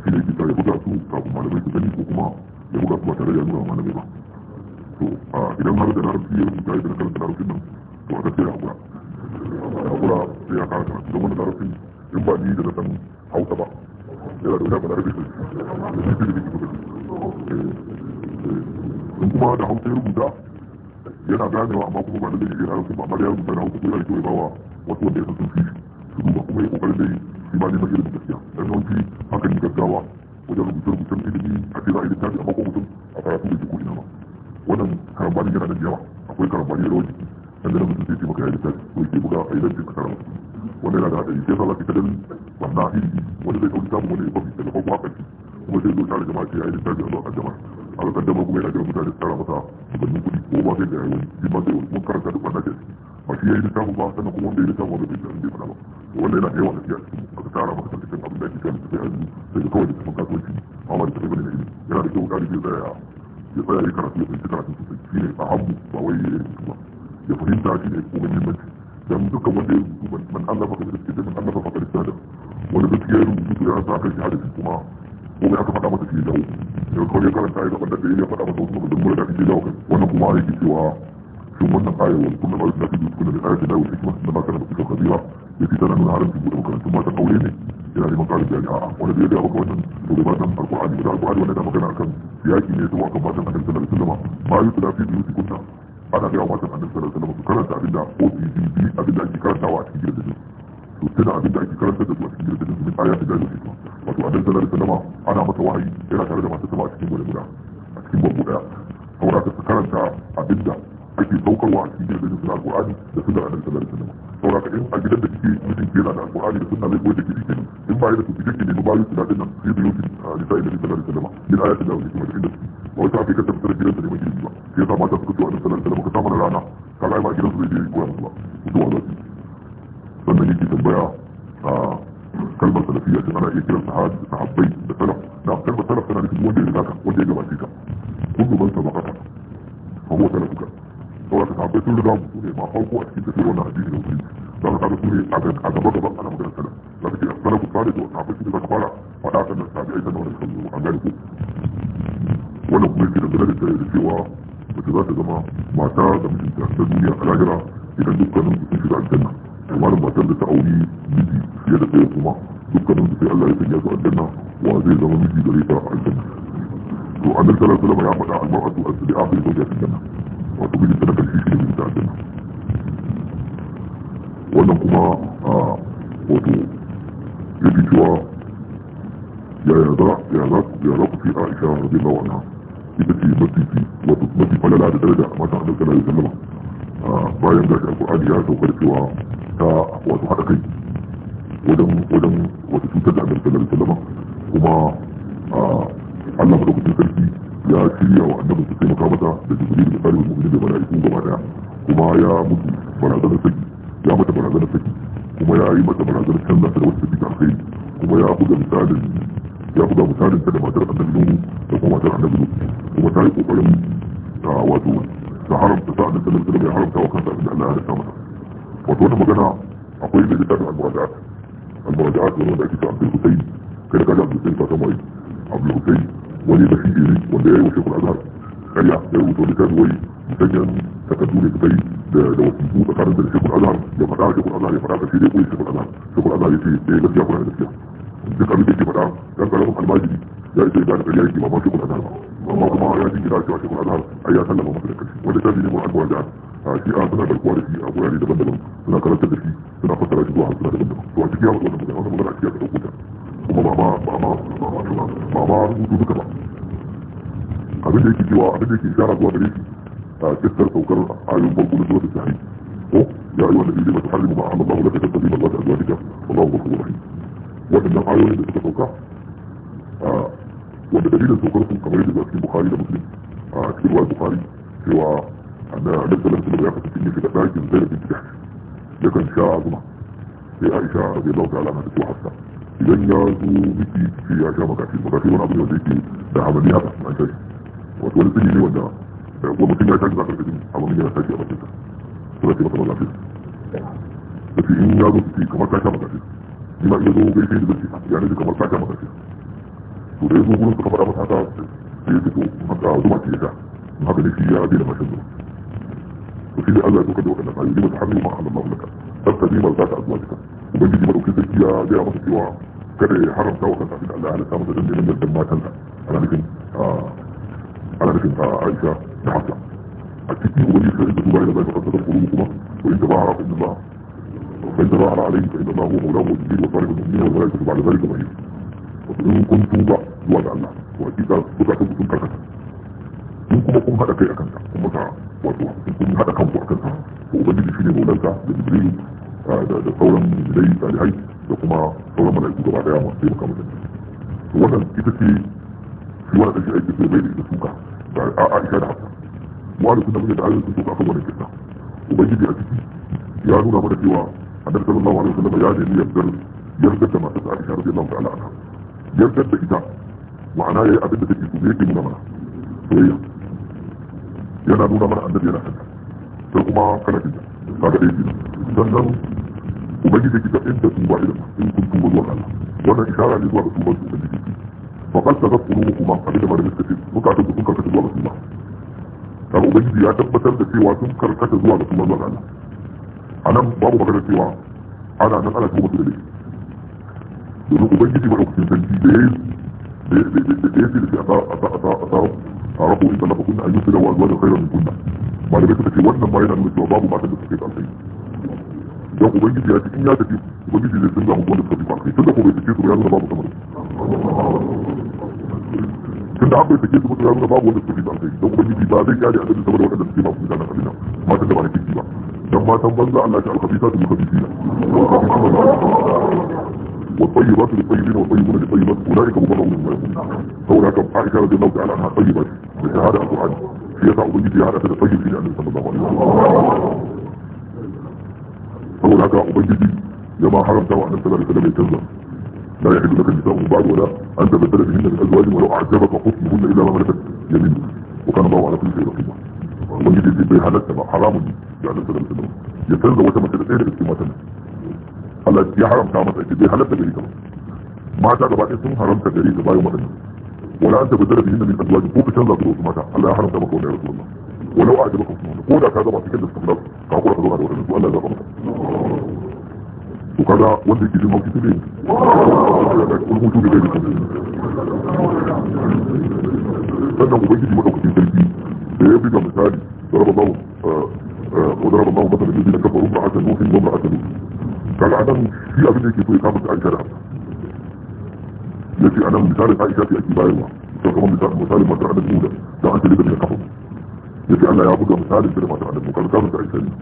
shi ne kita ya buga su kafin malamai su sani ko kuma ya buga su ba tare da nuna malamai ba to idan har da larabci ya rubuta ya da larabcin nan to a gaskiya hakura hakura sai ya kara karatu don wannan larabcin in ba ni da na san hausa ba yana da wuta ba larabci da shi ne da eh, eh, kuma da hausa ya rubuta yana ganewa amma kuma ba da zai yana rasu ba amma da ya rubuta na hukunci yana da kyau ya bawa wasu wanda ya san sun fi su duba kuma ya kokarin dai shi ba ne mashi gaskiya dan yawanci haka ne gaggawa wajen rubuce rubucen ilimi a ce za a yi amma ko mutum a karatu da ke ko ina ba wannan karambani yana da yawa akwai karambani da rawar jiki dan da mutum sai ce maka ya littafi ko yake buga a yi lantin a karatu wanda yana da hadari sai sa za ka ta ganin wanda zai kawo littafin wani ya kwafi daga farko haka kuma sai zo tare jama'a ce ya yi a zuwa jama'a a kaddamar kuma yana jiran mutane su masa dubannin kuɗi ko ba sai da wani yi ba sai wani kuma karanta duk wanda ke ba shi ya littafin ba sannan kuma wanda ya yi littafin wanda bai bai ba wanda yana da yawa gaskiya aka tara masa tallafin abin da ake kan sai an sai da kawai da tafin kasuwanci amma da tafin bane na ilimi yana da kyau galibi ya tsaya ya tsaya ya karatu ya fahimci karatu sosai shi ne a habu ba wai ya yi ba ya fahimta shi ne kuma dan dukkan wanda ya rubutu man Allah ka da man ka da wanda ya rubutu ya shi hadisi kuma kuma ya faɗa mata shi dawo da kawai ya karanta ya zaɓar da ya faɗa mata wasu daga da ake dawo wannan kuma yake cewa shi wannan ayar wani kullum ayar da ake da ayar da kuma da makarar da kuka kabila ya fi tana nuna da makarantun mata aure ne yana neman ƙarin bayani wanda zai gaya maka wannan to bai batan alƙur'ani ba alƙur'ani magana akan yaƙi ne kan matan annabi sallallahu alaihi wasallam ma yusu da fi biyu su ana gaya matan annabi sallallahu alaihi wasallam su karanta abinda OPDB abinda ake karantawa a cikin gidan suna abin da ake karanta da zuwa cikin jirgin min aya wato abin da nama ana masa wahayi yana tare da masu sama a cikin guda a cikin babu daya saboda ka karanta abin da ake saukarwa a cikin jirgin suna alƙur'ani da suna abin da nama saboda ka in a gidan da kike mutum ke da alƙur'ani da suna zai koyar da kike in ba da su kike ne ba su da dinnan sai da yau da sai da lalata nama da inda ba wata ake kasance da gidan da ne mai ba sai ya sa mata suka ce wa da lalata nama ka samu rana ka ga ba gidan su zai je ba su sannan yake tambaya a kalmar salafiya ce ana iya kiran sahabi sahabbai da salaf da kalmar salaf tana nufin wanda ya riga ka wanda ya gabace ka kullu man sabaqaka fa huwa salafuka saboda ka sahabbai sun riga mu ne ma farko a cikin tafiyar wannan hadisi da musulmi za ka kada su ne a gaba gaba ana maganar salaf za ka kira salafu salih da sahabbai sun riga ka fara faɗa kan nan tabi'ai sannan wanda suka zo an gane ko wannan kuma yake dangane da cewa mace za ta zama mata da mijinta ta duniya a lahira idan dukkanin su sun shiga aljanna kamar matar da ta auri miji fiye da ɗaya kuma dukkanin su sai Allah ya sanya su aljanna wa zai zama miji gare ta aljanna to annabi sallallahu alaihi wasallam ya faɗa al-mar'atu as-sadiqa fi zawjiha aljanna wato miji tana karshe shi ne miji ta aljanna wannan kuma a wato ya fi cewa yaya za ya za ya za ku ce Aisha radiyallahu anha ita ce mafi wato mafi falala da daraja mata annabi sallallahu alaihi wasallam bayan da alkur'ani ya sauka da cewa ta wato haɗa kai wajen wajen wata cutar da annabi sallallahu alaihi wasallam kuma Allah madaukakin sarki ya shirya wa annabi su taimaka mata da jibril da salihu mu'minin da mala'iku gaba daya kuma ya mutu barazanar saki ya mata barazanar saki kuma ya yi mata barazanar canza ta da wata take kai. kuma ya buga misalin ya buga misalin ta da matar annabi da kuma matar annabi kuma ta yi kokarin wato ta haramta sa'ad da sallallahu alaihi ya haramta wa kansa da Allah ya haramta masa wato wannan magana akwai da littafin al-muraja'at al-muraja'at wanda ake ta Abdul Husayn kada ka ga Abdul Husayn ka san wai Abdul Husayn wani basiri wanda ya yi wa Sheikhul Azhar karya ya rubuta wani kan wai takardu ne yi da wasiku tsakanin da shekul azhar ya faɗa shekul azhar ya faɗa shekul azhar shekul azhar ya ce eh, gaskiya kuna da gaskiya duk abin da faɗa almajiri ya shekul azhar ba amma kuma ya ji gida cewa shekul azhar ai ya sallama da wanda ne a shi'a suna garkuwa da shi a wurare daban-daban suna karantar da shi suna fassara shi zuwa daban-daban to a cikin yawon wannan magana wannan ɗauko ta kuma ba ba ba ba abin da yake cewa abin da yake ishara zuwa gare shi a kistar saukar ayoyin farko na suratul sahih ko ya ayyuhan nabiyyu lima tuharrimu ma ahalla Allahu laka tattabi Allah ta azwajika wallahu ghafurur rahim wadannan ayoyin da suka sauka wanda dalilin saukar su kamar yadda cikin Bukhari da Muslim a cikin ruwayar Bukhari cewa annabi sallallahu alaihi wasallam ya fita cikin shiga dakin Zainab bin Jahsh yakan sha azuma sai Aisha radiyallahu ta'ala anha ta ce hafsa idan ya zo miki ce ya sha makafi makafi wani abu ne wanda yake da hamani haka an tashi وتقول لي ليه ولا وما كنا نحتاج بعد كده اما مين محتاج يا بنت ولا كده ولا كده في ان يا بنت في كمان كده بعد كده دي ما يجوا بيتين بس يعني دي كمان كده بعد كده ودي هو كله كفر ابو حاجه دي دي هو ما بقى ما كده ما بقى دي دي ما شاء الله وفي اللي الله يتوكل وكنا فاهمين دي متحمل مع الله مملكه حتى دي مرضات ازواجك وبدي دي مرضات كده يا دي يا بنت كده حرم توكل على الله على سبب ان دي من الدمات انا لكن اه على ذكر عائشة بحفصة التكي هو الذي فإن تتوب إلى الله فقد سدت قلوبكما وإن تظاهر فإن الله فإن تظاهر عليه فإن الله هو مولاه والدين وصالح المؤمنين والملائكة بعد ذلك ظهير وإن كنتم بعد وعد الله وأكيد بتعتبر كنت كذا in kuma kun haɗa kai a kanta kuma ta wato kun haɗa kanku a kanta to ubangiji shine maulanka da jibrilu da sauran jidai salihai da kuma sauran mala'iku gaba daya masu taimaka mutane to wannan ita ce ورقة الجسيبين da suka a shari'a wani suna muke da ayyukan suka akan wani kisa ubangiji a ciki ya nuna mana cewa annabi sallallahu alaihi wasallam ya nemi yardar yardar da masu aisha radiyallahu ta'ala anha yardar da ita ma'ana yayi abin da take so yake nuna mana soyayya yana nuna mana annabi yana santa sai kuma kana kinta kaga dai kina sannan ubangiji kita inda tuba idan in kun tuba zuwa Allah wannan isharar ne zuwa ga tuban ubangiji fa falta da kuru kuma abin da malamai suka ce zukatan su sun karkata zuwa ga suna kaga ubangiji ya tabbatar da cewa sun karkata zuwa ga suna zuwa ga a nan babu magana cewa ana nan ana tuba su da laifi domin ubangiji maɗaukakin sarki da ya da ya ce da shi a sa a sa a sa a kunna an yi su da wa zuwa da khairar malamai suka ce wannan ma yana nuna cewa babu matan da suka yi alkhairi don ubangiji ya cikin ya tafi ubangiji zai canza muku wanda suka fi farkai tunda ko bai sake su ba ya nuna babu kamar tunda an bai sake su ba ya nuna babu wanda suka fi farkai don ubangiji ba zai kyale adadin saboda waɗanda suke masu gudanar abin nan matan da ba na kirki ba dan matan banza Allah ta alkhabisa su mukhabisina والطيبات للطيبين والطيبون للطيبات اولئك مبرؤون مما يقولون فهناك عائشه رضي الله تعالى عنها طيبه بالشهاده القرآن هي تعظيم في عادة الطيب في النبي صلى الله عليه وسلم اقول هكذا ابيدي يا ما حرمت وانا سبب سبب كذا لا يحل لك النساء من بعد ولا انت بدل فيهن من ازواج ولو اعجبك حسنهن الا ما ملكت يمينك وكان الله على كل شيء رحيما ومن يجد في بيها لك تبع حرام يعني سبب سبب يتنزل وتم تتعيد استماتنا هلا يا حرم تعمل في بيها لك تبعي كمان ما تعرف بعد اسم حرمت تبعي كبايا ولا انت بدل فيهن من ازواج فوق تنزل تبعي كمان هلا يا حرم يا رسول الله ولو اعجبكم قولك هذا بعد كده استخدمت فاقول لك دوره ولا لا ده وكذا ودي كده موقف تاني والله كنت بقول لك انا بقول لك موقف تاني ايه بيبقى مثال ضرب ضوء وضرب ضوء مثلا جديد كده ربع حتى مو في ربع حتى قال عدم في ابي ديك في كامل عن كده لكن انا مثال عايشه في اجبايه وكمان مثال مثال ما تعرف الاولى ده انت اللي بدك yake Allah ya buga misalin da matan adam kan kafin da aikani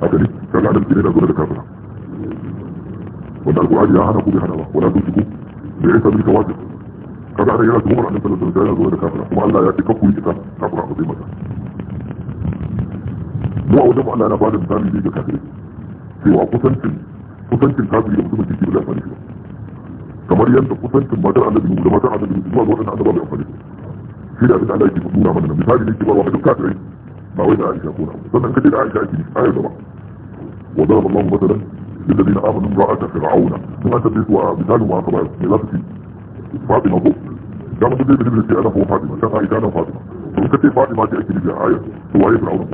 haka ne kan adam ne da zuwa da kafin wanda alkur'ani ya hana ku bai hana ba wala sun shigo da ya sami ka wajen kaga ana yana tumura annabi sallallahu alaihi wasallam zuwa da kafin kuma Allah ya ce ka yi kitab kafin a matsayin mata mu a wajen Allah yana da misali ne ga kafin cewa kusancin kusancin kafin da mutumin kirki ba zai amfani shi ba kamar yadda kusancin matar annabi da matar annabi zuwa ga waɗanda annaba bai amfani shi بدعة من على يجب عملنا مش هذه الاجتبار واحد الكافر ما وين عائشة يكون عمل فمن كثير عائشة أكيد آية طبعا وضرب الله مثلا للذين آمنوا امرأة فرعون وأنت بيسوى مثال مع طبعا ملابسي فاطمة ضد كما تدري من ابن سيئة هو فاطمة كان عائشة أنا فاطمة وكتب فاطمة تأتي لها آية هو آية فرعون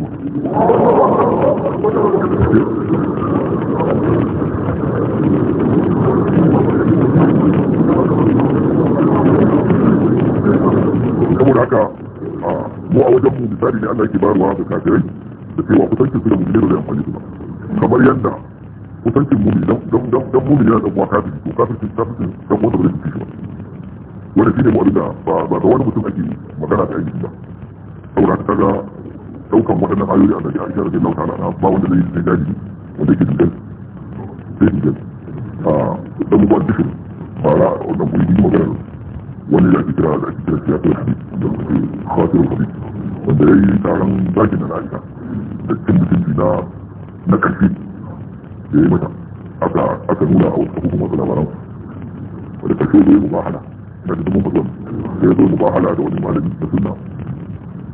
أقول saboda haka mu a wajen mu misali ne Allah yake bayarwa ga kafirai da cewa kusancin su da mu'mini da amfani su ba kamar yadda kusancin mu'mini dan dan dan mu'mini yana da kuwa kafiri to kafircin kafircin dan wanda da shi ba wanda shine mu abinda ba da wani mutum ake magana da aiki ba saboda haka kaga daukan waɗannan ayoyi a daga aisha da lauta na ba wanda zai sai daji wanda yake dindin sai dindin a dan mu ba dukkan ba ra da mu yi magana ولله الذكرى على الذكريات والحديث خاطر الحديث wanda ya yi taron zakin da na'ika da cin mutunci na na karfi da ya mata aka aka nuna a wasu kafofin wasu labaran wanda karshe da ya mubahala na da dumin fasuwan da ya zo mubahala da wani malami da sunna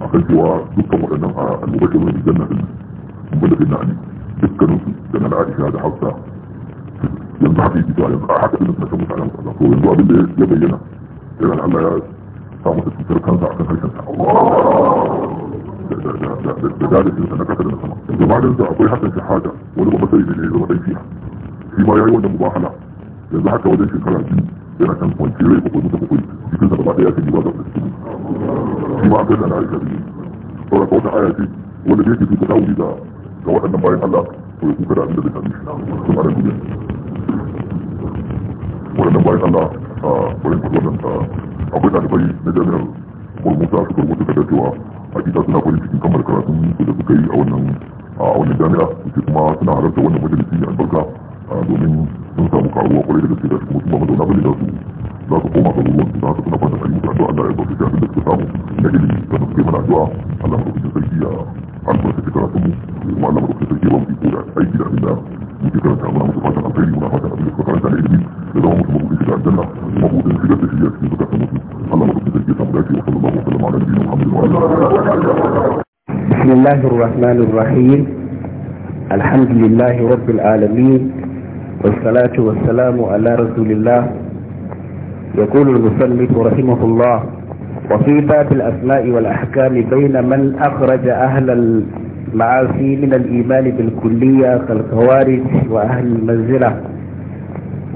a kan cewa dukkan waɗannan a al'ubashi wani janna din mun da fitna ne dukkaninsu da na na'aisha da hafsa yanzu haka yi fito a yanzu a haka ɗin na kan mutanen ko yanzu abin da ya bayyana irin Allah ya samu da cutar kansa a kan harshensa da dadacinsa na kasa da na sama gabaninsa akwai hasan shahada wani ba masari ne zama ɗan fiya shi ma ya yi wannan mubahala yanzu haka wajen shekara biyu yana kan kwanci rai bakwai mutu bakwai jikinsa gaba ɗaya kan yi ba za su cikin shi ma akwai da na aisha biyu saboda ka wata aya ce wanda yake cuta ta wuri ga waɗannan bayan Allah to ya kuka da abin da zai sami shi sun ara duniya waɗannan bayan Allah a bayan kwallon a akwai ɗalibai na jami'ar kurmuta su kurmuta ka da cewa hakika suna farin cikin kammala karatun da suka yi a wannan a wannan jami'a kuma suna halarta wannan majalisi albarka domin sun samu karuwa kwarai da gaske da kuma kuma mazauna bane za su za su koma garuruwan su za su kuna fata ayyuka addu'a Allah ya sauke abin da suka samu na ilimi da su kai mana addu'a Allah mu rubuta sarki ya albarkaci karatu mu kuma Allah mu rubuta sarki ba mu iko da aiki da abin da muke karanta muna musu fatan alheri muna fatan abin da suka karanta na ilimi da zama musu mabuɗin shiga aljanna mabuɗin shigar da shiga cikin zukatan musu Allah mu rubuta sarki ya samu dace wa sallallahu alaihi wa sallam ala nabiyina Muhammad wa ala بسم الله الرحمن الرحيم الحمد لله رب العالمين والصلاة والسلام على رسول الله يقول المسلم رحمه الله وفي باب الأسماء والأحكام بين من أخرج أهل المعاصي من الإيمان بالكلية كالخوارج وأهل المنزلة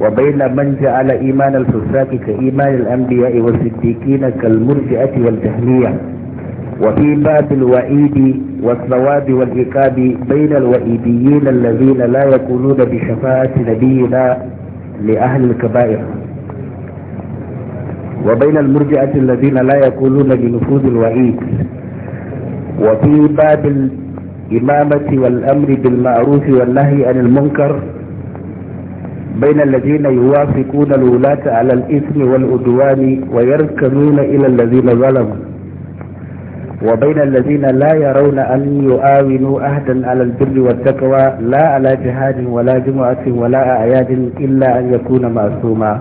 وبين من جعل إيمان الفساق كإيمان الأنبياء والصديقين كالمرجئة والجهمية وفي باب الوعيد والثواب والعقاب بين الوئيديين الذين لا يكونون بشفاعة نبينا لأهل الكبائر وبين المرجئة الذين لا يكونون بنفوذ الوعيد وفي باب الإمامة والأمر بالمعروف والنهي عن المنكر بين الذين يوافقون الولاة على الإثم والعدوان ويركنون إلى الذين ظلموا وبين الذين لا يرون أن يؤاونوا أهدا على البر والتقوى لا على جهاد ولا جمعة ولا أعياد إلا أن يكون معصوما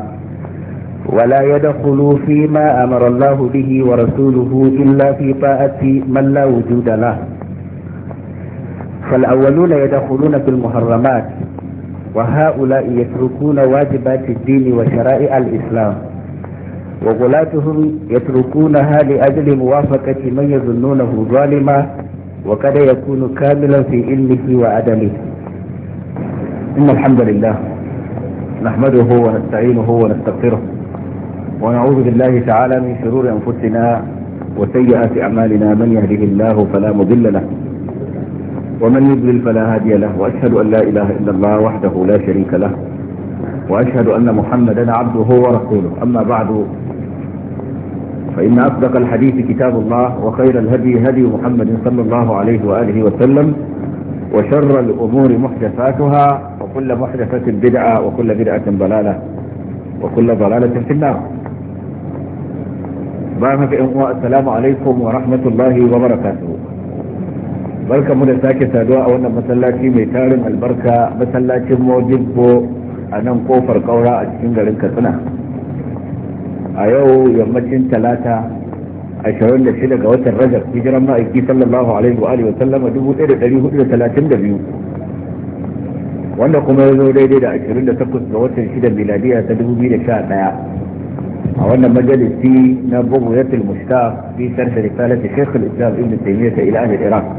ولا يدخلوا فيما أمر الله به ورسوله إلا في طاعة من لا وجود له فالأولون يدخلون في المحرمات وهؤلاء يتركون واجبات الدين وشرائع الإسلام وغلاتهم يتركونها لأجل موافقة من يظنونه ظالما وقد يكون كاملا في علمه وعدمه إن الحمد لله نحمده ونستعينه ونستغفره ونعوذ بالله تعالى من شرور أنفسنا وسيئات أعمالنا من يهده الله فلا مضل له ومن يضلل فلا هادي له وأشهد أن لا إله إلا الله وحده لا شريك له وأشهد أن محمدا عبده ورسوله أما بعد فإن أصدق الحديث كتاب الله وخير الهدي هدي محمد صلى الله عليه وآله وسلم وشر الأمور محدثاتها وكل محدثة بدعة وكل بدعة ضلالة وكل ضلالة في النار بارك السلام عليكم ورحمة الله وبركاته بركة من الساكة sake saduwa مسلاتي wannan البركة مسلاتي موجب albarka masallacin mojibbo a nan a yau yammacin talata 26 ga watan rajab hijiran ma'aiki sallallahu alaihi wa alihi wa sallama 1432 wanda kuma ya zo daidai da 28 ga watan 6 miladiya ta 2011 a wannan majalisi na buguyatul mushtaq fi sharh risalat shaykh al-islam ibn ta ila ahli iraq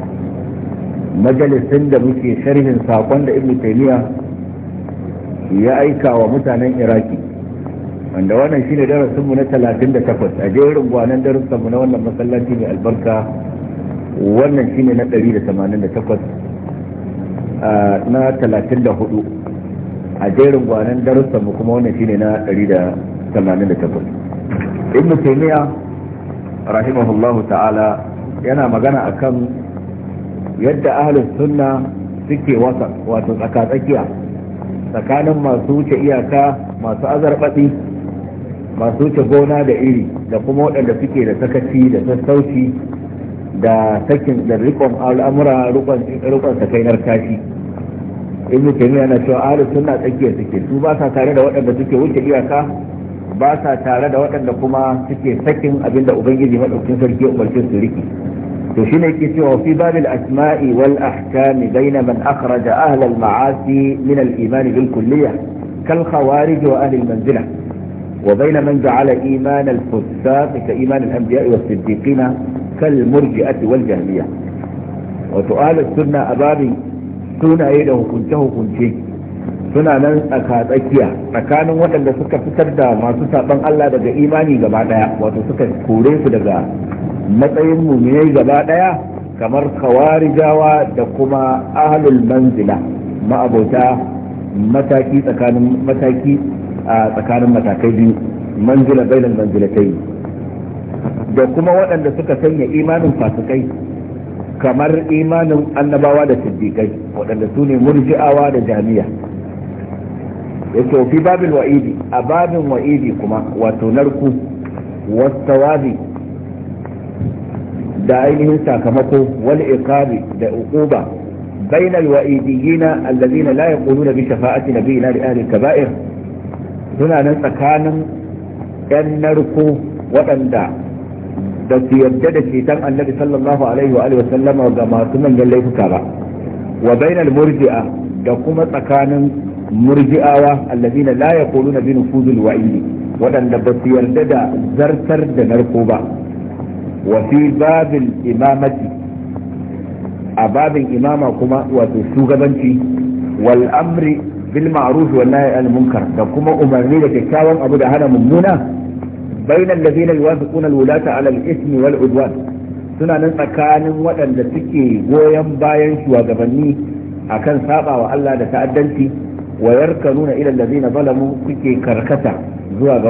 majalisin da muke sharhin saƙon da ibn taymiyyah ya aika wa mutanen iraki wanda wannan shine darasinmu na 38 a jerin gwanan darasinmu na wannan masallaci mai albarka wannan shine na 188 na 34 a jerin gwanan darasinmu kuma wannan shine na 188 ibn taymiya rahimahullahu ta'ala yana magana akan yadda ahlus sunna suke wasa wato tsaka tsakiya tsakanin masu wuce iyaka masu azarbaɗi masu wuce gona da iri da kuma waɗanda suke da sakaci da sassauci da sakin da rikon al'amura rikon sakainar kashi ibnu taymiya yana cewa ahli sunna tsakiyar suke su ba sa tare da waɗanda suke wuce iyaka ba sa tare da waɗanda kuma suke sakin abinda ubangiji madaukin sarki ya umarce su riki to shine yake cewa fi babil asma'i wal ahkam na man akhraja ahli al ma'asi min al iman bil kulliyah kal khawarij wa ahli al وبين manja ala إيمان الفساق كإيمان الأنبياء والصديقين كالمرجئة والجهمية وسؤال السنة أبابي سنة إيه كنته كنتي suna nan a tsakiya tsakanin waɗanda suka fitar da masu saɓon Allah daga imani gaba ɗaya wato suka kore su daga matsayin muminai gaba ɗaya kamar kawarijawa da kuma ahlul manzila ma'abauta mataki tsakanin mataki a tsakanin matakai biyu manzila bainal manzilatai da kuma waɗanda suka sanya imanin fasikai kamar imanin annabawa da siddiƙai waɗanda su ne murji'awa da jami'a ya fi babin wa'idi a babin wa'idi kuma wato narku wasawabi da ainihin sakamako wani iqabi da uquba bainal wa'idiyina allazina la yaquluna bi shafa'ati nabiyina li ahli kaba'ir suna nan tsakanin yan narko waɗanda da su yarda da ceton annabi sallallahu alaihi wa alihi ga masu manyan laifuka ba wa bainal murji'a da kuma tsakanin murji'awa allazina la yaquluna bi nufuzil wa'idi waɗanda ba su yarda da zartar da narko ba wa fi babil imamati a babin imama kuma wato shugabanci wal amri bil ma'ruf wa nahy anil munkar da kuma umarni da kyakkyawan abu da hana mummuna bainal ladina yuwafiquna al-wulata ala al-ithmi wal suna nan tsakanin waɗanda suke goyon bayan shugabanni akan saba wa Allah da ta'addanci wa yarkanuna ila allazina zalamu kuke karkata zuwa ga